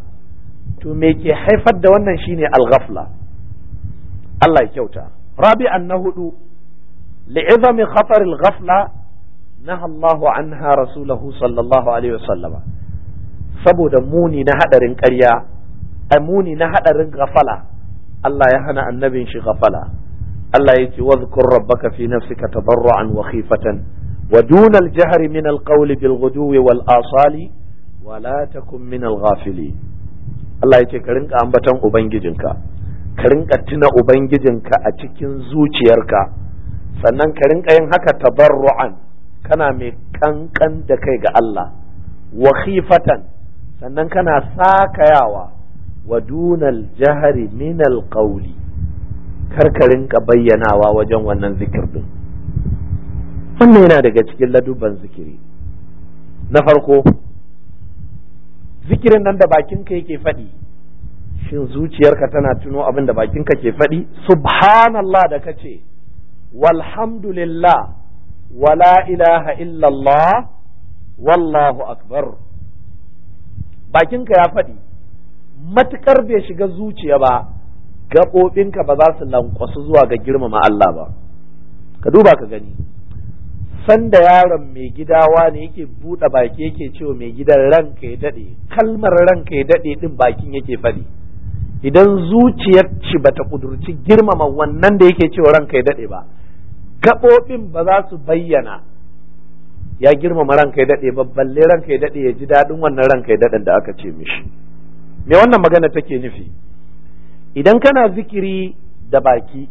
to me ke haifar da wannan shine al-ghafla Allah ya kyauta rabi'an na hudu li'izami khatar al-ghafla naha Allahu anha rasulahu sallallahu alaihi wasallama saboda muni na hadarin ƙarya a muni na hadarin gafala Allah ya hana annabin shi gafala. Allah ya ce wadhkur rabbaka fi nafsika tadarruan wa khifatan wa duna al-jahri min al-qawli bil ghuduwi wal asali wa la takun min al Allah ya ce ka rinka ambatan ubangijinka ka rinka tuna ubangijinka a cikin zuciyarka sannan ka rinka yin haka tabarru'an kana mai kankan da kai ga Allah wa khifatan sannan kana sakayawa wa dunal jahari min alqawli karkarin ka bayyanawa wajen wannan zikir din wannan yana daga cikin laduban zikiri na farko zikirin nan da bakinka yake faɗi shin zuciyarka tana tuno abin da bakinka ke faɗi subhanallah da kace walhamdulillah wala ilaha illallah wallahu akbar bakinka ya faɗi matukar bai shiga zuciya ba gaɓoɓinka ba za su lankwasu zuwa ga girmama Allah ba ka duba ka gani sanda yaron mai gidawa ne yake buɗe baki yake cewa mai gidan ranka ya daɗe kalmar ranka ya daɗe ɗin bakin yake faɗi idan zuciyar ci bata ƙudurci girmama wannan da yake cewa ranka ya daɗe ba gaɓoɓin ba za su bayyana ya girmama ranka kai daɗe babban ran kai daɗe ya ji daɗin wannan ran kai daɗin da aka ce mishi me wannan magana take nufi idan kana zikiri da baki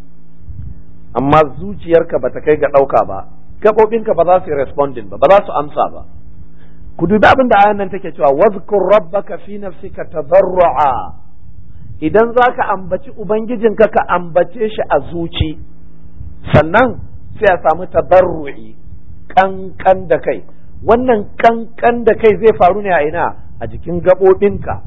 amma zuciyarka bata kai ga ɗauka ba gaɓoɓinka ba za su yi responding ba ba za su amsa ba ku dubi abin da ayan nan take cewa wazkur rabbaka fi nafsika tadarrua idan zaka ambaci ubangijinka ka ambace shi a zuci sannan sai a samu tabarru'i kankan da kai wannan kankan da kai zai faru ne a ina a jikin gaɓoɓinka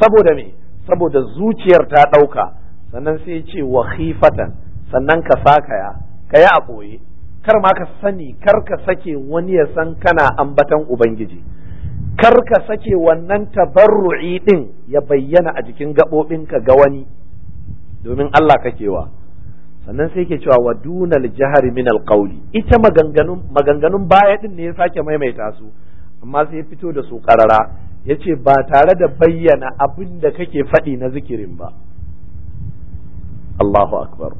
saboda me saboda zuciyar ta ɗauka sannan sai ce wa khifatan sannan ka sakaya ka yi a ɓoye kar ma ka sani kar ka sake wani ya san kana ambatan ubangiji kar ka sake wannan tabarru'i ɗin ya bayyana a jikin gaɓoɓinka ga wani domin Allah kakewa sannan sai ke cewa wa jihar jahari min ita maganganun baya din ne ya sake maimaita su amma sai ya fito da su karara yace ba tare da bayyana abin da kake faɗi na zikirin ba Allahu akbar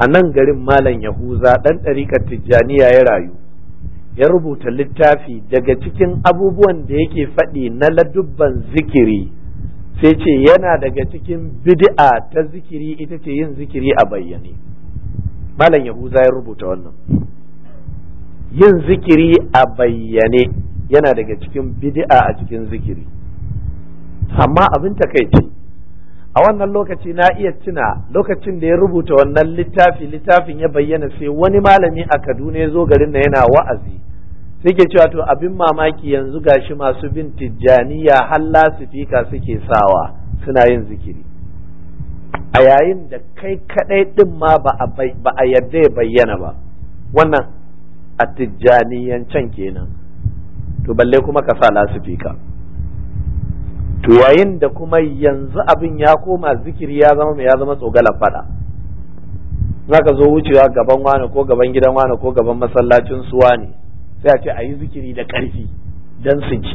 a nan garin malam Yahuza ɗan ɗarikar Tijjaniya ya rayu ya rubuta littafi daga cikin abubuwan da yake faɗi na ladubban zikiri sai ce yana daga cikin bid'a ta zikiri ita ce yin zikiri a bayyane malam yahuza ya rubuta wannan yin zikiri a bayyane yana daga cikin bid'a a cikin zikiri amma abin takaici a wannan lokaci na iya tuna lokacin da ya rubuta wannan littafi littafin ya bayyana sai wani malami a kaduna ya zo garin na yana wa'azi nake cewa to abin mamaki yanzu gashi masu bin tijjaniya har lasifika suke sawa suna yin zikiri a yayin da kai kadai din ma ba a yadda ya bayyana ba wannan a tijjaniyan can kenan to balle kuma ka sa lasifika to yayin da kuma yanzu abin ya koma zikiri ya zama mai ya zama tsogalan fada za ka zo wucewa gaban wani ko gaban gidan wani ko gaban masallacin suwa ne sai a ce a yi zikiri da ƙarfi don su ji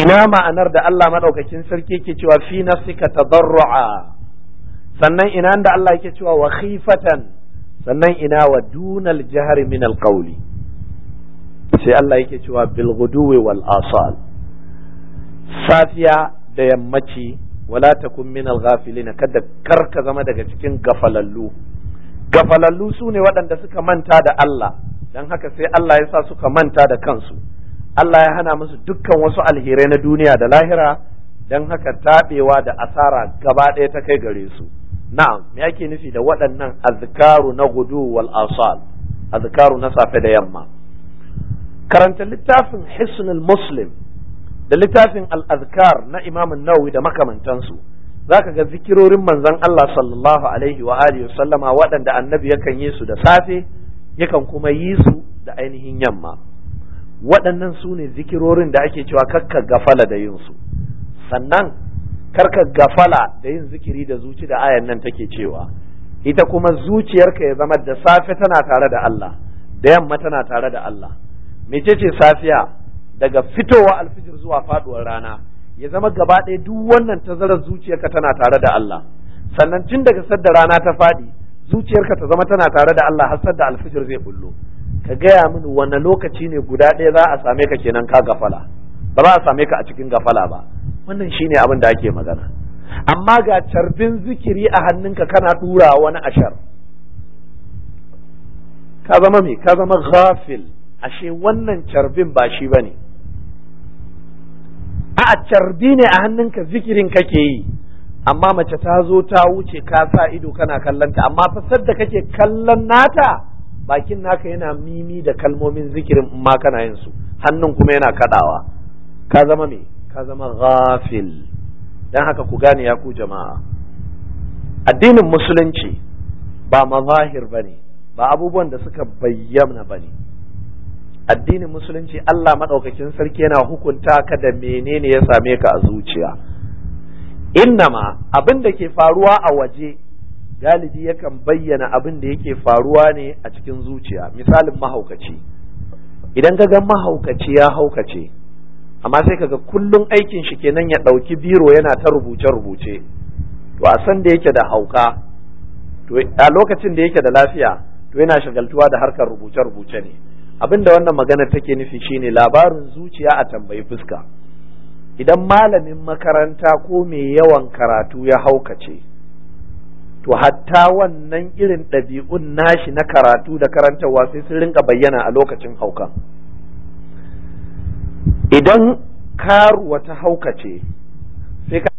ina ma'anar da Allah maɗaukakin sarki yake cewa fi nafsika tadarru'a sannan ina da Allah yake cewa wa khifatan sannan ina wa dunal jahri min alqawli sai Allah yake cewa bil ghuduwi wal asal safiya da yammaci wala takun min al ghafilin kada karka zama daga cikin gafalallu gafalallu su ne waɗanda suka manta da Allah don haka sai Allah ya sa suka manta da kansu Allah ya hana musu dukkan wasu alherai na duniya da lahira don haka taɓewa da asara gaba ɗaya ta kai gare su na'am me ake nufi da waɗannan azkaru na gudu wal asal azkaru na safe da yamma karanta littafin hisnul muslim da littafin al-azkar na imamin nawawi da makamantansu zaka ga zikirorin manzon Allah sallallahu alaihi wa alihi sallama waɗanda annabi yakan yi su da safe yakan kuma yi su da ainihin yamma waɗannan su ne zikirorin da ake cewa karka gafala da yin su sannan karka gafala da yin zikiri da zuci da ayan nan take cewa ita kuma zuciyarka ya zama da safe tana tare da Allah da yamma tana tare da Allah mecece safiya daga fitowa alfijir zuwa faɗuwar rana ya zama gaba ɗaya duk wannan tazarar zuciyarka tana tare da Allah sannan tun daga sadda rana ta faɗi zuciyarka ta zama tana tare da Allah har sadda alfijir zai bullo ka gaya mini wani lokaci ne guda ɗaya za a same ka kenan ka gafala ba za a same ka a cikin gafala ba wannan shine abin da ake magana amma ga carbin zikiri a hannunka kana ɗura wani ashar ka zama me ka zama ghafil ashe wannan carbin ba shi bane a carbi ne a hannunka zikirin kake yi amma mace ta zo ta wuce ka sa ido kana kallon ta amma fasar da kake kallon nata bakin naka yana mimi da kalmomin zikirin in ma kana yin su hannun kuma yana kadawa ka zama me ka zama ghafil dan haka ku gane ya ku jama'a addinin musulunci ba mazahir bane ba abubuwan da suka bayyana bane addinin musulunci Allah madaukakin sarki yana hukunta ka da menene ya same ka a zuciya innama abin da ke faruwa a waje galibi yakan bayyana abin da yake faruwa ne a cikin zuciya misalin mahaukaci idan ka ga mahaukaci ya haukace amma sai kaga kullum aikin shi kenan ya ɗauki biro yana ta rubuce-rubuce to a san da yake da hauka to a lokacin da yake da lafiya to yana shagaltuwa da harkar rubuce-rubuce ne abinda wannan magana take nufi shine labarin zuciya a tambayi fuska idan malamin makaranta ko mai yawan karatu ya haukace to hatta wannan irin ɗabi'un nashi na karatu da karantarwa sai sun rinka bayyana a lokacin haukan idan karuwa ta haukace sai ka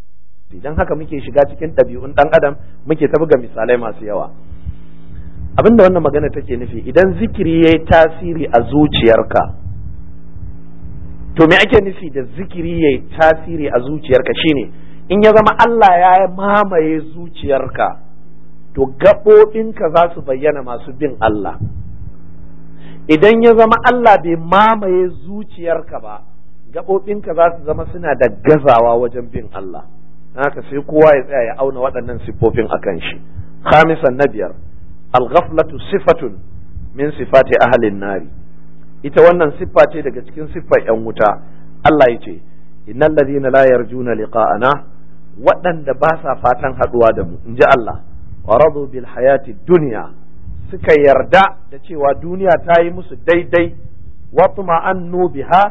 idan haka muke shiga cikin ɗabi'un ɗan adam muke tafi ga misalai masu yawa abinda wannan magana take nufi idan zikiri yayi tasiri a zuciyarka to me ake nufi da zikiri yayi tasiri a zuciyarka shine in ya zama Allah ya mamaye zuciyarka to gaɓoɓinka za su bayyana masu bin Allah idan ya zama Allah bai mamaye zuciyarka ba gaɓoɓinka za su zama suna da gazawa wajen bin Allah haka sai kowa ya tsaya ya auna waɗannan siffofin akan shi khamisan na biyar al sifatun min sifati ahlin nari ita wannan siffa ce daga cikin siffar yan wuta Allah yace ce innal ladina la yarjuna liqa'ana waɗanda basa fatan haɗuwa da mu inji Allah wa radu bil hayati dunya suka yarda da cewa duniya ta yi musu daidai wa tuma'annu biha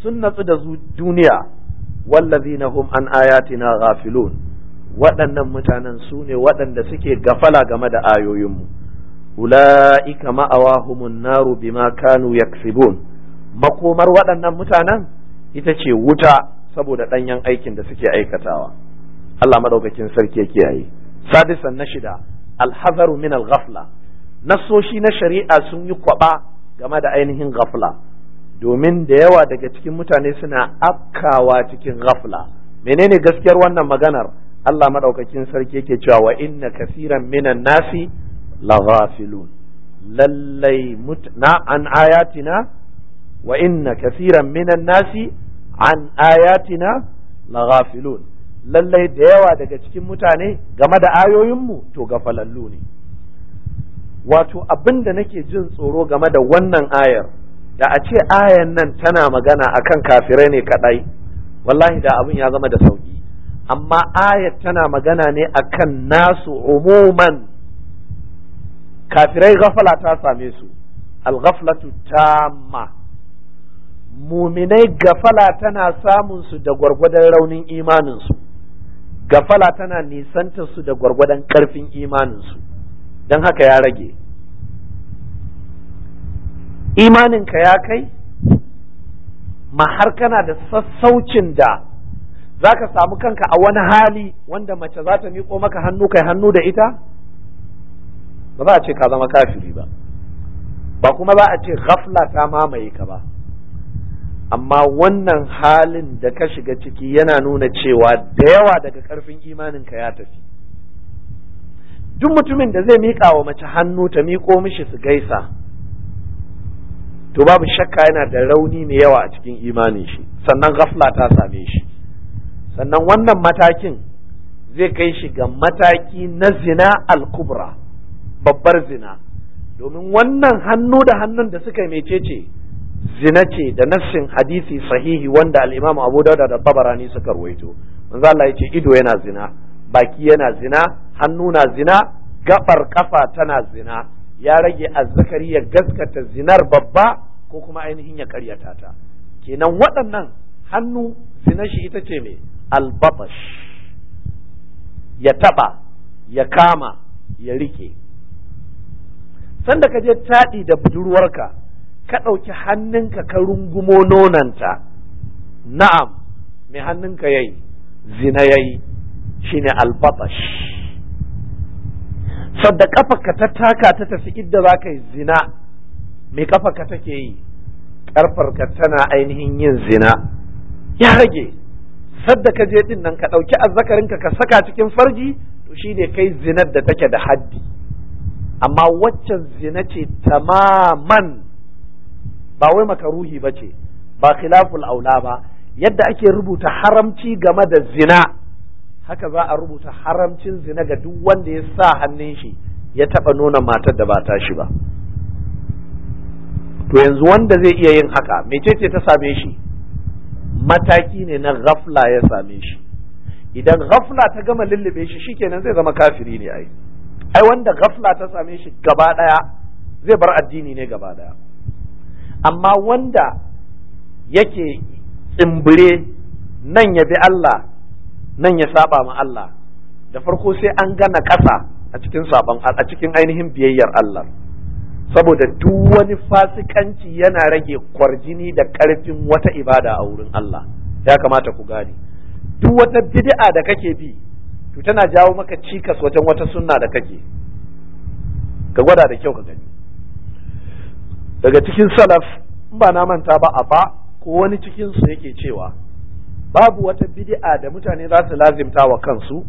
sun natsu da duniya wallazina hum an ayatina ghafilun waɗannan mutanen su ne waɗanda suke gafala game da ayoyinmu ula'ika humun naru bima kanu yaksibun makomar waɗannan mutanen ita ce wuta saboda ɗanyen aikin da suke aikatawa Allah maɗaukakin sarki ya kiyaye sadisan na shida alhazaru min alghafla nasoshi na shari'a sun yi kwaɓa game da ainihin ghafla domin da yawa daga cikin mutane suna afkawa cikin ghafla menene gaskiyar wannan maganar Allah madaukakin sarki yake cewa wa inna kasiran minan nasi ghafilun lallai na an ayatina wa inna kasiran minan nasi an ayatina ghafilun lallai da yawa daga cikin mutane game da ayoyinmu to gafalallu ne wato abin da nake jin tsoro game da wannan ayar da a ce ayan nan tana magana akan kafirai ne kadai wallahi da abin ya zama da sauki amma ayat tana magana ne akan nasu umuman kafirai Gafala ta same su al-ghaflatu tamma muminai gafala tana samun su da gwargwadon raunin imaninsu gafala tana nisanta su da gwargwadon karfin imaninsu don haka ya rage imaninka ya kai ma har kana da sassaucin da za ka samu kanka a wani hali wanda mace za ta miƙo maka hannu kai hannu da ita ba za a ce ka zama kafiri ba ba kuma za a ce ghafla ta mamaye ka ba amma wannan halin da ka shiga ciki yana nuna cewa da yawa daga ƙarfin imaninka ya tafi duk mutumin da zai miƙa wa mace hannu ta miƙo mishi su gaisa to babu shakka yana da rauni mai yawa a cikin imanin shi sannan ghafla ta same shi sannan wannan matakin zai kai shi ga mataki na zina al-kubra babbar zina domin wannan hannu da hannun da suka mecece zina ce da nassin hadisi sahihi wanda al-imam Abu Dawud da Tabarani suka ruwaito manzo Allah ya ce ido yana zina baki yana zina hannu na zina gabar kafa tana zina ya rage azzakari ya gaskata zinar babba ko kuma ainihin ya karyata ta kenan waɗannan hannu zina shi ita ce me. albabash ya taba ya kama ya rike sanda ka je taɗi da budurwarka ka ɗauki hannunka ka rungumo nonanta na'am mai hannunka yayi zina yayi shine albabash sadda ka ta taka ta tafi idda za ka yi zina mai ka take yi ƙarfarka tana ainihin yin zina ya rage sadda ka je din nan ka ɗauki azzakarinka ka saka cikin farji to shi ne kai zinar da take da haddi amma waccan zina ce tamaman ba wai makaruhi ba ce ba khilaful aula ba yadda ake rubuta haramci game da zina haka za a rubuta haramcin zina ga duk wanda ya sa hannun shi ya taɓa nuna matar da ba ta shi ba to yanzu wanda zai iya yin haka mecece ta same shi mataki ne na ghafla ya same shi idan ghafla ta gama lullube shi shikenan zai zama kafiri ne ai ai wanda ghafla ta same shi gaba daya zai bar addini ne gaba daya amma wanda yake tsimbire nan ya bi Allah nan ya saba ma Allah da farko sai an gana ƙasa a cikin saban a cikin ainihin biyayyar Allah saboda duk wani fasikanci yana rage kwarjini da ƙarfin wata ibada a wurin Allah ya kamata ku gane duk wata bid'a da kake bi to tana jawo maka cikas wajen wata sunna da kake ka gwada da kyau ka gani daga cikin salaf ba na manta ba a ba ko wani cikin su yake cewa babu wata bid'a da mutane za su lazimta wa kansu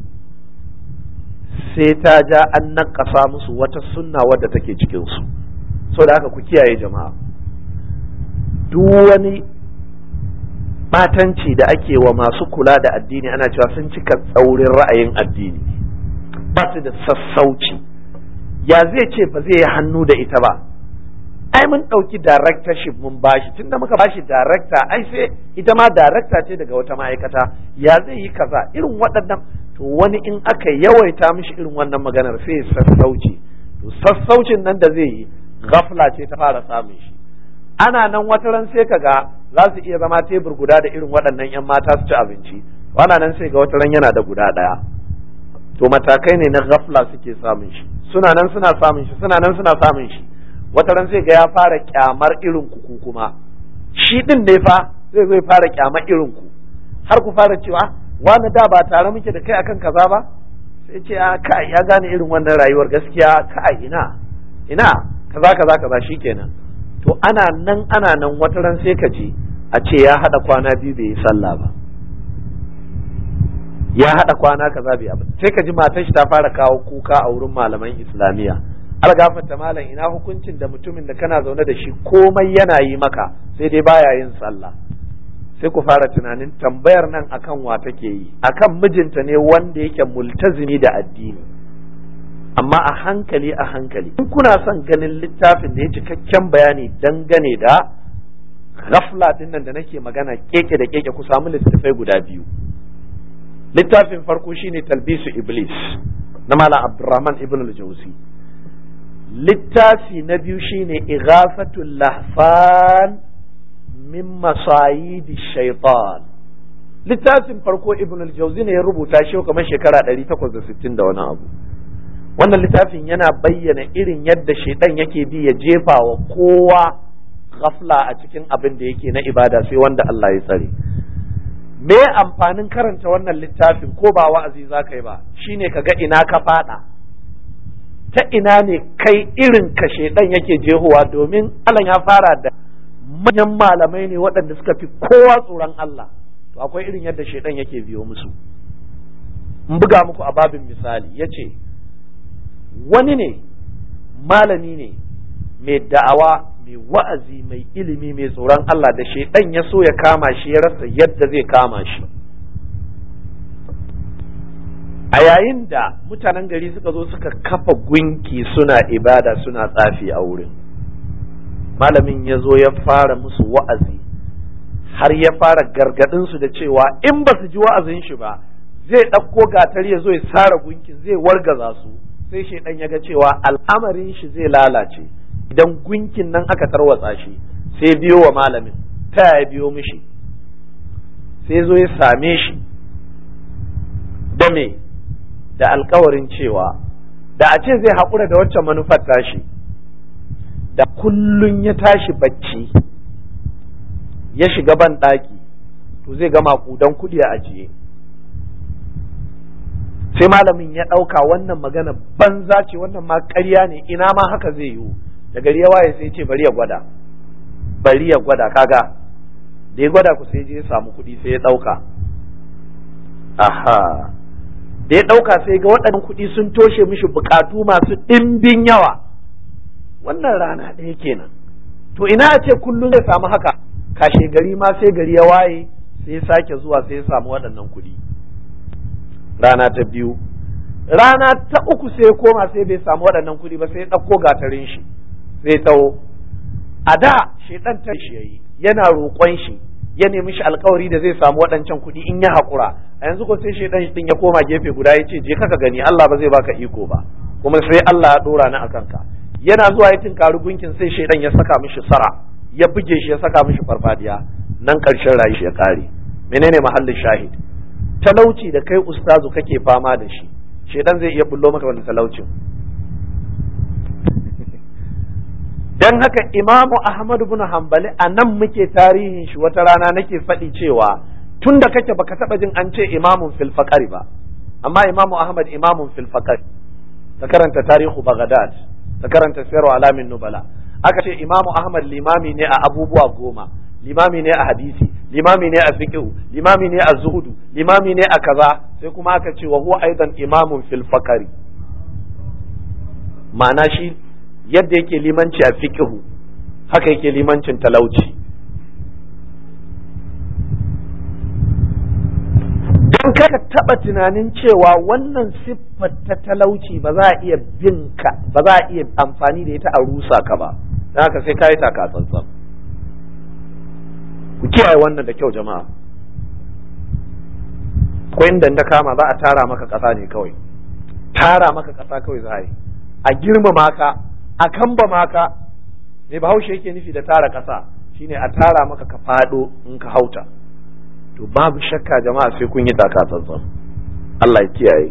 sai ta ja an naƙasa musu wata sunna wadda take cikinsu so da haka ku kiyaye jama'a duk wani batanci da ake wa masu kula da addini ana cewa sun cika tsaurin ra'ayin addini ba su da sassauci ya zai ce ba zai yi hannu da ita ba ai mun ɗauki directorship mun bashi tunda muka bashi director ai sai ita ma director ce daga wata ma'aikata ya zai yi kaza irin waɗannan to wani in aka yawaita mishi irin wannan maganar sai sassauci to sassaucin nan da zai yi gafla ce ta fara samun shi ana nan wata ran sai kaga za su iya zama tebur guda da irin waɗannan yan mata su ci abinci wana nan sai ga wata ran yana da guda ɗaya to matakai ne na gafla suke samun shi suna nan suna samun shi suna nan suna samun shi wata ran sai ga ya fara kyamar irin ku kuma shi din ne fa zai zo fara kyamar irin ku har ku fara cewa wani da ba tare muke da kai akan kaza ba sai ce a kai ya gane irin wannan rayuwar gaskiya kai ina ina kaza kaza kaza shikenan to ana nan ana nan wata ran sai ka ji a ce ya hada kwana biyu bai yi sallah ba ya hada kwana kaza bai abu sai ka ji matar shi ta fara kawo kuka a wurin malaman islamiyya ta malam ina hukuncin da mutumin da kana zaune da shi komai yana yi maka sai dai baya yin sallah sai ku fara tunanin tambayar nan akan wa take yi akan mijinta ne wanda yake multazimi da addini amma a hankali a hankali in kuna son ganin littafin da ya cikakken bayani dangane da rafla din nan da nake magana keke da keke ku samu littattafai guda biyu littafin farko shine talbisu iblis na malam abdurrahman ibn al-jawzi littafi na biyu shine ighafatul lahfan min masayidi shaitan littafin farko ibn al-jawzi ne ya rubuta shi kamar shekara 860 da wani abu wannan littafin yana bayyana irin yadda shaidan yake bi ya jefa wa kowa ghafla a cikin abin da yake na ibada sai wanda Allah ya tsare me amfanin karanta wannan littafin ko ba wa'azi za ka yi ba shine ka ga ina ka fada ta ina ne kai irin ka shaidan yake jehowa domin Allah ya fara da manyan malamai ne waɗanda suka fi kowa tsoron Allah to akwai irin yadda shaidan yake biyo musu in buga muku a babin misali yace wani ne malami ne mai da'awa mai wa'azi mai ilimi mai tsoron Allah da shaidan ya so ya kama shi ya rasa yadda zai kama shi a yayin da mutanen gari suka zo suka kafa gunki suna ibada suna tsafi a wurin malamin ya zo ya fara musu wa'azi har ya fara gargadinsu da cewa in ba su ji wa'azin shi ba zai ɗauko gatari ya zo ya sara gunkin zai wargaza su sai ɗan ya ga cewa al'amarin shi zai lalace idan gunkin nan aka tarwatsa shi sai biyo wa malamin ta ya biyo mishi sai zo ya same shi da me da alkawarin cewa da a ce zai haƙura da waccan manufar tashi da kullun ya tashi bacci ya shiga ban ɗaki to zai gama kudan kuɗi a ajiye sai malamin ya ɗauka wannan magana banza ce wannan ma ƙarya ne ina ma haka zai yiwu da gari ya waye sai ce bari ya gwada bari ya gwada kaga da ya gwada ku sai je ya samu kuɗi sai ya ɗauka aha da ya ɗauka sai ga waɗannan kuɗi sun toshe mishi buƙatu masu ɗimbin yawa wannan rana ɗaya kenan to ina a ce kullum zai samu haka kashe gari ma sai gari ya waye sai ya sake zuwa sai ya samu waɗannan kuɗi rana ta biyu rana ta uku sai ya koma sai bai samu waɗannan kuɗi ba sai ya ɗauko gatarin shi sai tawo a da ɗan ta shi yayi yana roƙon shi ya nemi shi alkawari da zai samu waɗancan kuɗi in ya haƙura a yanzu ko sai ɗan shi ya koma gefe guda ya ce je ka gani Allah ba zai baka iko ba kuma sai Allah ya ɗora ni akan ka yana zuwa ya tinkari gunkin sai shaiɗan ya saka mishi sara ya buge shi ya saka mishi farfadiya nan ƙarshen rayu shi ya ƙare menene mahallin shahid talauci da kai ustazu kake fama da shi shedan zai iya bullo maka wani talaucin dan haka imamu ahmad ibn hanbali a nan muke tarihin shi wata rana nake faɗi cewa tunda kake baka taba jin an ce imamun fil faqari ba amma imamu ahmad imamun fil faqari ta karanta tarihu bagdad ta karanta sirru alamin nubala aka ce imamu ahmad limami ne a abubuwa goma limami ne a hadisi limami ne a fiqh limami ne a zuhudu limami ne a kaza sai kuma aka ce wa huwa aidan imamun fil fakari ma'ana shi yadda yake limanci a fiqh haka yake limancin talauci don kaka taba tunanin cewa wannan siffar ta talauci ba za a iya bin ba za a iya amfani da ita a rusa ka ba don haka sai ka yi taka tsantsan ku kiyaye wannan da kyau jama'a ko inda da kama za a tara maka ƙasa ne kawai tara maka ƙasa kawai za a yi a girmama ka a kamba maka ba bahaushe yake nufi da tara ƙasa shine a tara maka ka faɗo in ka hauta to babu shakka jama'a sai kun yi taka tsantsan Allah ya kiyaye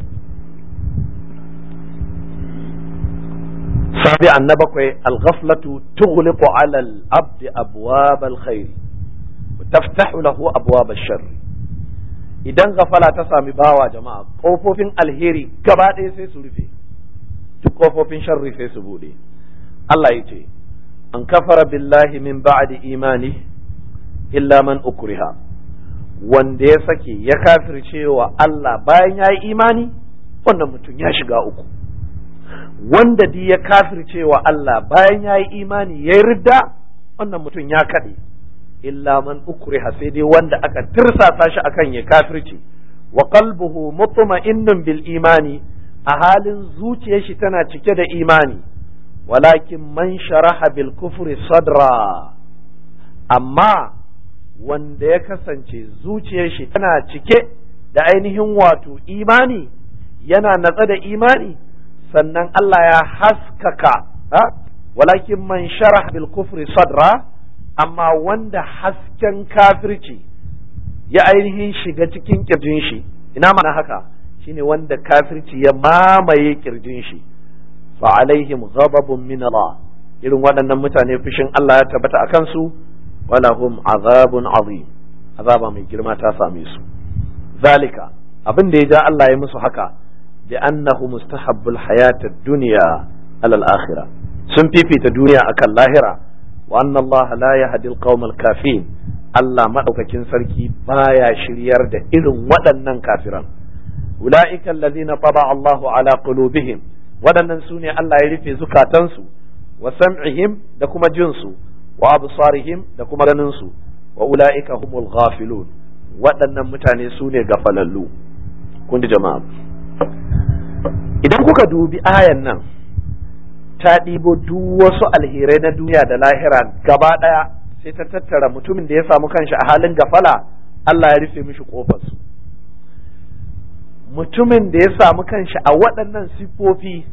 sabi na bakwai al tughliqu 'ala al-'abdi abwab al-khair taftahu lahu abwab ash idan gafala ta sami bawa jama'a kofofin alheri gaba ɗaya sai su rufe duk kofofin sharri sai su bude Allah ya ce an kafara billahi min ba'di imani illa man ukriha wanda ya sake ya kafirce wa Allah bayan ya yi imani wannan mutum ya shiga uku wanda di ya kafirce wa Allah bayan ya yi imani ya yi ridda wannan mutum ya kaɗe illa man ukriha sai dai wanda aka tirsasa shi akan ya kafirci wa qalbuhu mutma'innun bil imani a halin zuciyar shi tana cike da imani walakin man sharaha bil kufri sadra amma wanda ya kasance zuciyar shi tana cike da ainihin wato imani yana natsa da imani sannan Allah ya haskaka walakin man sharaha bil kufri sadra amma wanda hasken kafirci ya ainihin shiga cikin kirjin shi ina mana haka shine wanda kafirci ya mamaye kirjin shi fa alaihim ghadabun min Allah irin waɗannan mutane fushin Allah ya tabbata a kansu walahum azabun azim azaba mai girma ta same su zalika abin da ya ja Allah ya musu haka bi annahu mustahabbul hayatad dunya alal akhirah sun fifita duniya akan lahira wa anna Allah la yahdi al-qawmal kafirin Allah madaukakin sarki baya shiryar da irin waɗannan kafiran ulaika allazina taba Allahu ala qulubihim waɗannan su ne Allah ya rufe zukatansu wa sam'ihim da kuma jinsu wa absarihim da kuma ganinsu wa ulaika humul ghafilun waɗannan mutane su ne gafalallu kun jama'a idan kuka dubi ayan nan ta ɗibo duk wasu alherai na duniya da lahira gaba ɗaya sai ta tattara mutumin da ya samu kanshi a halin gafala Allah ya rufe mishi ƙofarsu mutumin da ya samu kanshi a waɗannan sifofi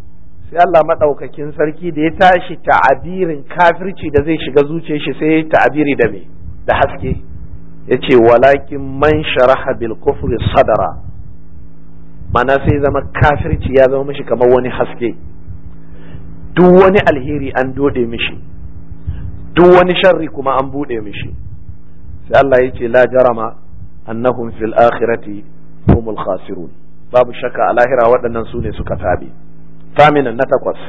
sai Allah maɗaukakin sarki da ya tashi ta'abirin kafirci da zai shiga zuciyar shi sai ta'abiri da me da haske Ya ce walakin man sharaha bil kufri sadara mana sai zama kafirci ya zama mishi kamar wani haske duk wani alheri an dode mishi duk wani sharri kuma an bude mishi sai Allah ya ce la jarama annahum fil akhirati humul khasirun babu shakka a lahira waɗannan su ne suka tabi thaminan na takwas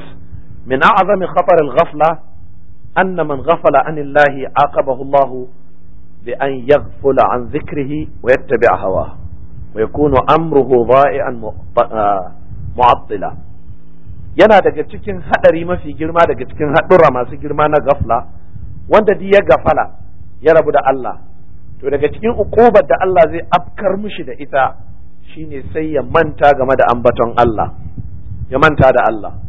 min a'zami khatar al-ghafla anna man ghafala anillahi aqabahu Allah bi an yaghfula an dhikrihi wa yattabi'a hawa wa yakunu amruhu dha'i'an ah, mu'attila yana daga cikin haɗari mafi girma daga cikin haɗura masu girma na gafla wanda duk ya gafala ya rabu da Allah to daga cikin ukubar da Allah zai afkar mushi da ita shine sai ya manta game da ambaton Allah ya manta da Allah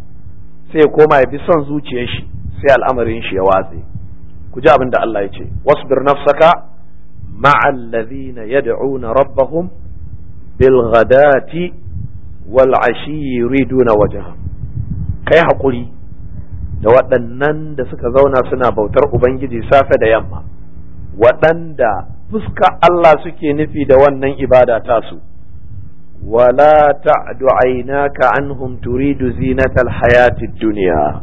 sai ya koma ya bi son zuciyar shi sai al'amarin shi ya watse ku ji abin da Allah ya ce wasbir nafsaka ma'al ladhina yad'una rabbahum bil ghadati wal ashi yuriduna wajhah kai haƙuri da waɗannan da suka zauna suna bautar ubangiji safe da yamma waɗanda fuska Allah suke nufi da wannan ibada tasu wala ta'du aynaka an turidu zinatal hayatid duniya?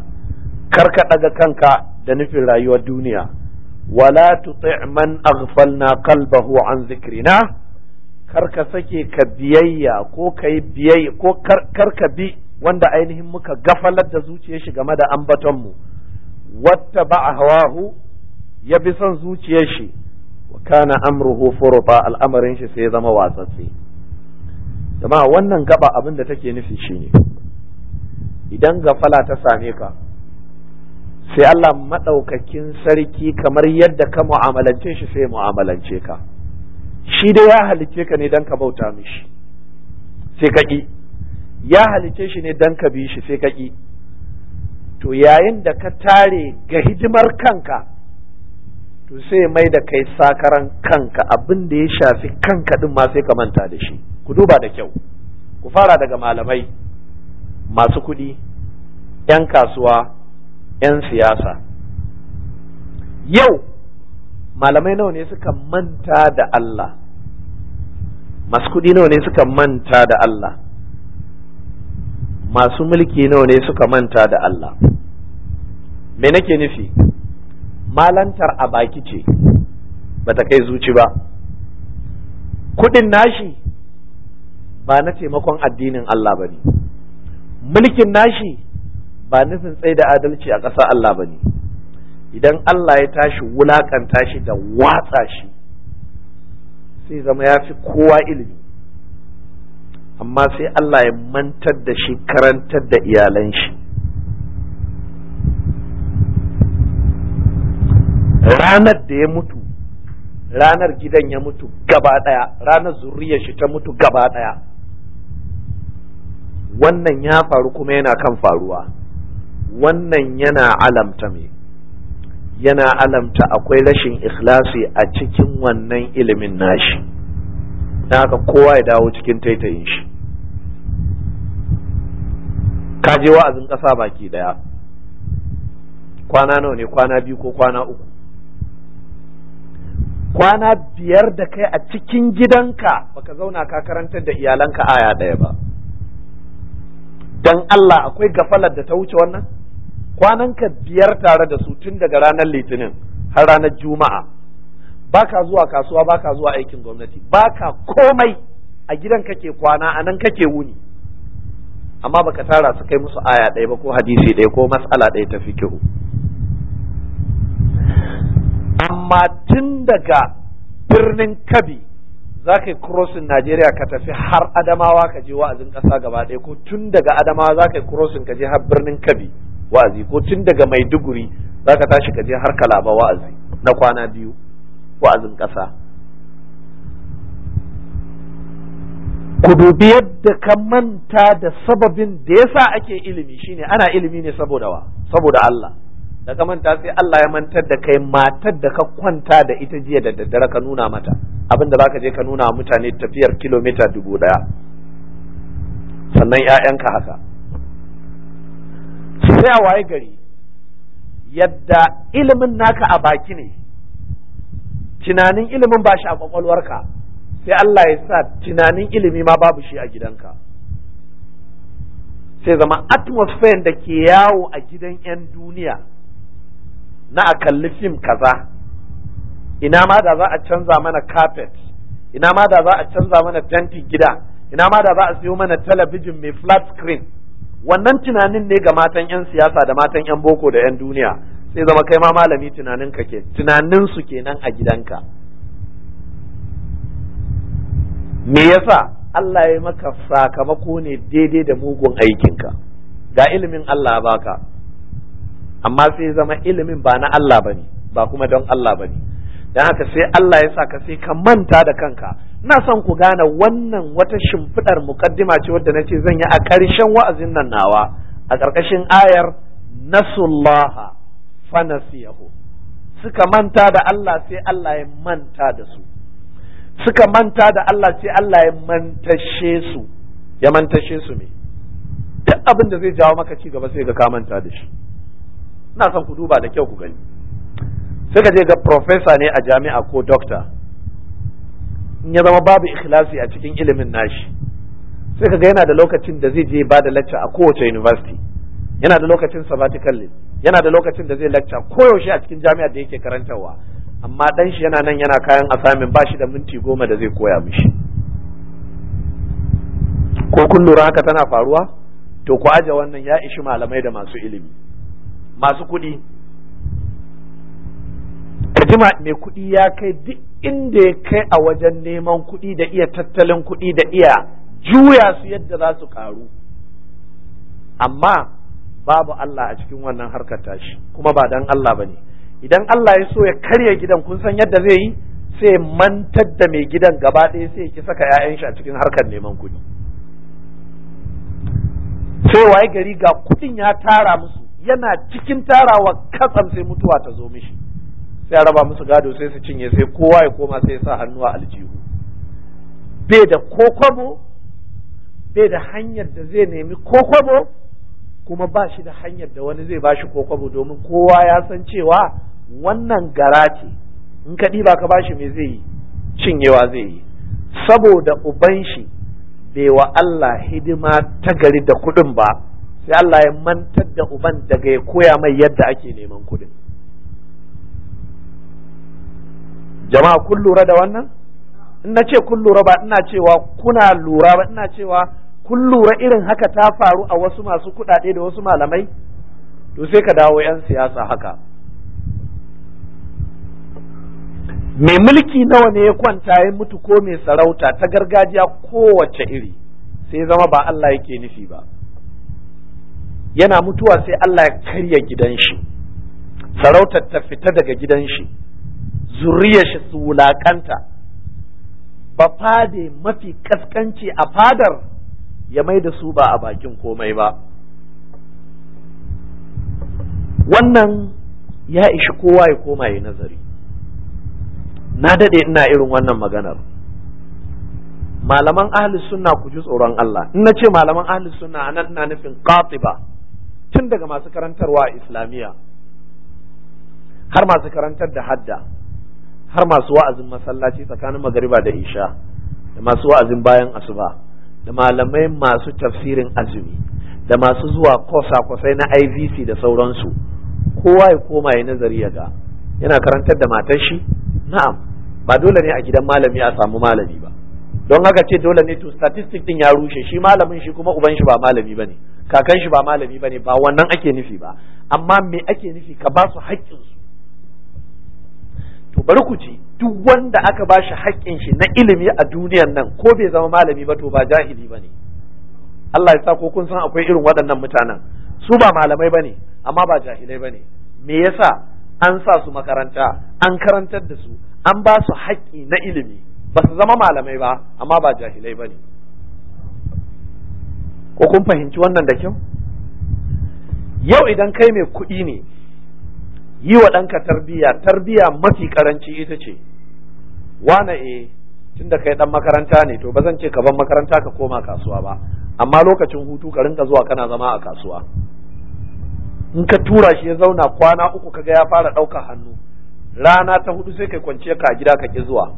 kar ka kanka da nufin rayuwar duniya wala tuti' man aghfalna qalbahu an zikrina kar ka sake ka biyayya ko kai biyayya ko kar ka bi wanda ainihin muka gafalar da zuciyar shi game da ambaton mu watta ba'a hawahu ya bi son zuciyar shi wa kana amruhu furuta al'amarin shi sai ya zama watsatse jama'a wannan gaba abin da take nufi shine idan gafala ta same ka sai Allah maɗaukakin sarki kamar yadda ka mu'amalance shi sai mu'amalance ka shi dai ya halicce ka ne don ka bauta mishi sai ka ƙi ya halice shi ne dan ka bi shi sai ka ƙi to yayin da ka tare ga hidimar kanka to sai mai da kai sakaran kanka abin da ya shafi kanka din ma sai ka manta da shi ku duba da kyau ku fara daga malamai masu kuɗi 'yan kasuwa 'yan siyasa yau malamai nawa ne suka manta da Allah masu kuɗi nawa ne suka manta da Allah masu mulki nawa ne suka manta da Allah me nake nufi malantar a baki ce bata kai zuci ba kudin nashi ba na taimakon addinin Allah ba ne mulkin nashi ba nufin tsaye da adalci a ƙasa Allah ba ne idan Allah ya tashi wulaƙanta shi da watsa shi sai zama ya fi kowa ilimi amma sai Allah ya mantar da shi karantar da iyalan shi ranar da ya mutu ranar gidan ya mutu gaba daya ranar zuriyar shi ta mutu gaba daya wannan ya faru kuma yana kan faruwa wannan yana alamta me yana alamta akwai rashin ikhlasi a cikin wannan ilimin nashi na haka kowa ya dawo cikin taitayin shi ka je wa'azin ƙasa baki ɗaya kwana nawa ne kwana biyu ko kwana uku kwana biyar da kai a cikin gidanka baka zauna ka karantar da iyalanka aya ɗaya ba don Allah akwai gafalar da ta wuce wannan kwananka biyar tare da su tun daga ranar litinin har ranar juma'a baka zuwa kasuwa baka zuwa aikin gwamnati baka komai a gidan kake kwana a nan kake wuni amma baka tara su kai musu aya ɗaya ba ko hadisi ɗaya ko matsala ɗaya ta fikihu amma tun daga birnin kabi za ka yi krosin Najeriya ka tafi har Adamawa ka je wa'azin ƙasa gaba ɗaya ko tun daga Adamawa za ka yi krosin ka je har birnin Kabi wa'azi ko tun daga Maiduguri za ka tashi ka je har Kalaba wa'azi na kwana biyu wa'azin ƙasa ku dubi yadda ka manta da sababin da ya sa ake ilimi shine ana ilimi ne saboda wa saboda Allah da ka manta sai Allah ya mantar da kai matar da ka kwanta da ita jiya da daddare ka nuna mata abin da ka je ka nuna mutane tafiyar kilomita dubu ɗaya. sannan 'ya'yanka haka sai a waye gari yadda ilimin naka a baki ne tunanin ilimin ba shi a kwakwalwarka sai Allah ya sa tunanin ilimi ma babu shi a gidanka sai zama atmosphere da ke yawo a gidan 'yan duniya na a kalli fim kaza ina ma da za a canza mana carpet ina ma da za a canza mana fenti gida ina ma da za a siyo mana talabijin mai flat screen wannan tunanin ne ga matan 'yan siyasa da matan 'yan boko da 'yan duniya sai zama kai ma malami tunanin ka ke tunanin su kenan a gidanka me yasa Allah ya maka sakamako ne daidai da mugun aikinka ga ilimin Allah baka amma sai zama ilimin ba na Allah bane ba kuma don Allah bane dan haka sai Allah ya saka sai ka manta da kanka na son ku gane wannan wata shimfidar mukaddima ce wadda na ce zan yi a ƙarshen wa'azin nan nawa a ƙarƙashin ayar nasullaha fanasiyahu suka manta da Allah sai Allah ya manta da su suka manta da Allah sai Allah ya mantashe su ya mantashe su me duk abin da zai jawo maka ci gaba sai ga ka manta da shi ina son ku duba da kyau ku gani sai ka je ga professor ne a jami'a ko doctor in ya zama babu ikhlasi a cikin ilimin nashi sai ka ga yana da lokacin da zai je ba da lecture a kowace university yana da lokacin sabbatical leave yana da lokacin da zai lecture koyaushe a cikin jami'ar da yake karantarwa amma dan shi yana nan yana kayan asamin ba shi da minti goma da zai koya mishi ko kun lura haka tana faruwa to ku aje wannan ya ishi malamai da masu ilimi masu kuɗi kajima mai kuɗi ya kai duk inda ya kai a wajen neman kuɗi da iya tattalin kuɗi da iya juya su yadda za su karu amma babu Allah a cikin wannan harkar tashi kuma ba dan Allah ba ne idan Allah ya so ya karya gidan kun san yadda zai yi sai mantar da mai gidan gaba ɗaya sai ki saka 'ya'yan shi a cikin harkar neman kuɗi sai waye gari ga kuɗin ya tara musu yana cikin tarawa katsam sai mutuwa ta zo mishi sai ya raba musu gado sai su cinye sai kowa ya koma sai ya sa hannu a aljihu bai da kokobo bai da hanyar da zai nemi kokobo kuma ba shi da hanyar da wani zai bashi ko kwabo domin kowa ya san cewa wannan gara ce in ka ba ka bashi me zai yi cinyewa zai yi saboda uban shi bai wa Allah hidima ta gari da kuɗin ba sai Allah ya mantar da uban daga ya koya mai yadda ake neman kuɗin jama'a kun lura da wannan in na ce kun lura ba ina cewa kuna lura ba ina cewa kun lura irin haka ta faru a wasu masu kuɗaɗe da wasu malamai to sai ka dawo 'yan siyasa haka mai mulki nawa ne ya kwanta ya mutu ko mai sarauta ta gargajiya kowace iri sai zama ba Allah yake nufi ba yana mutuwa sai Allah ya karya gidan shi sarautar ta fita daga gidan shi zuriyar shi su wulakanta ba fade mafi kaskanci a fadar ya mai da su ba a bakin komai ba wannan ya ishi kowa ya koma ya nazari na daɗe ina irin wannan maganar malaman ahli sunna ku ji tsoron Allah in na ce malaman ahli sunna nan ina nufin ba tun daga masu karantarwa a islamiyya har masu karantar da hadda har masu wa'azin masallaci tsakanin magariba da isha da masu wa'azin bayan asuba da malamai masu tafsirin azumi da masu zuwa kwasa-kwasai na ivc da sauransu kowa ya koma ya nazari ya ga yana karantar da matar shi na'am ba dole ne a gidan malami a samu malami ba don haka ce dole ne to statistic din ya rushe shi malamin shi kuma uban shi ba malami bane kakan shi ba malami bane ba wannan ake nufi ba amma me ake nufi ka ba su haƙƙinsu to bari ku ci duk wanda aka ba shi haƙƙin shi na ilimi a duniyan nan ko bai zama malami ba to ba jahili ba ne Allah ya sa ko kun san akwai irin waɗannan mutanen su ba malamai ba ne amma ba jahilai ba ne me yasa an sa su makaranta an karantar da su an ba su haƙƙi na ilimi ba su zama malamai ba amma ba jahilai ba ne ko kun fahimci wannan da kyau yau idan kai mai kuɗi ne yi wa ɗanka tarbiyya tarbiyya mafi karanci ita ce wane eh, tun da kai dan makaranta ne to ba zan ce ka ban makaranta ka koma kasuwa ba amma lokacin hutu ka rinka zuwa kana zama a kasuwa in ka tura shi ya zauna kwana uku kaga ya fara ɗaukar hannu rana ta hudu sai kai kwance ka gida ka ki zuwa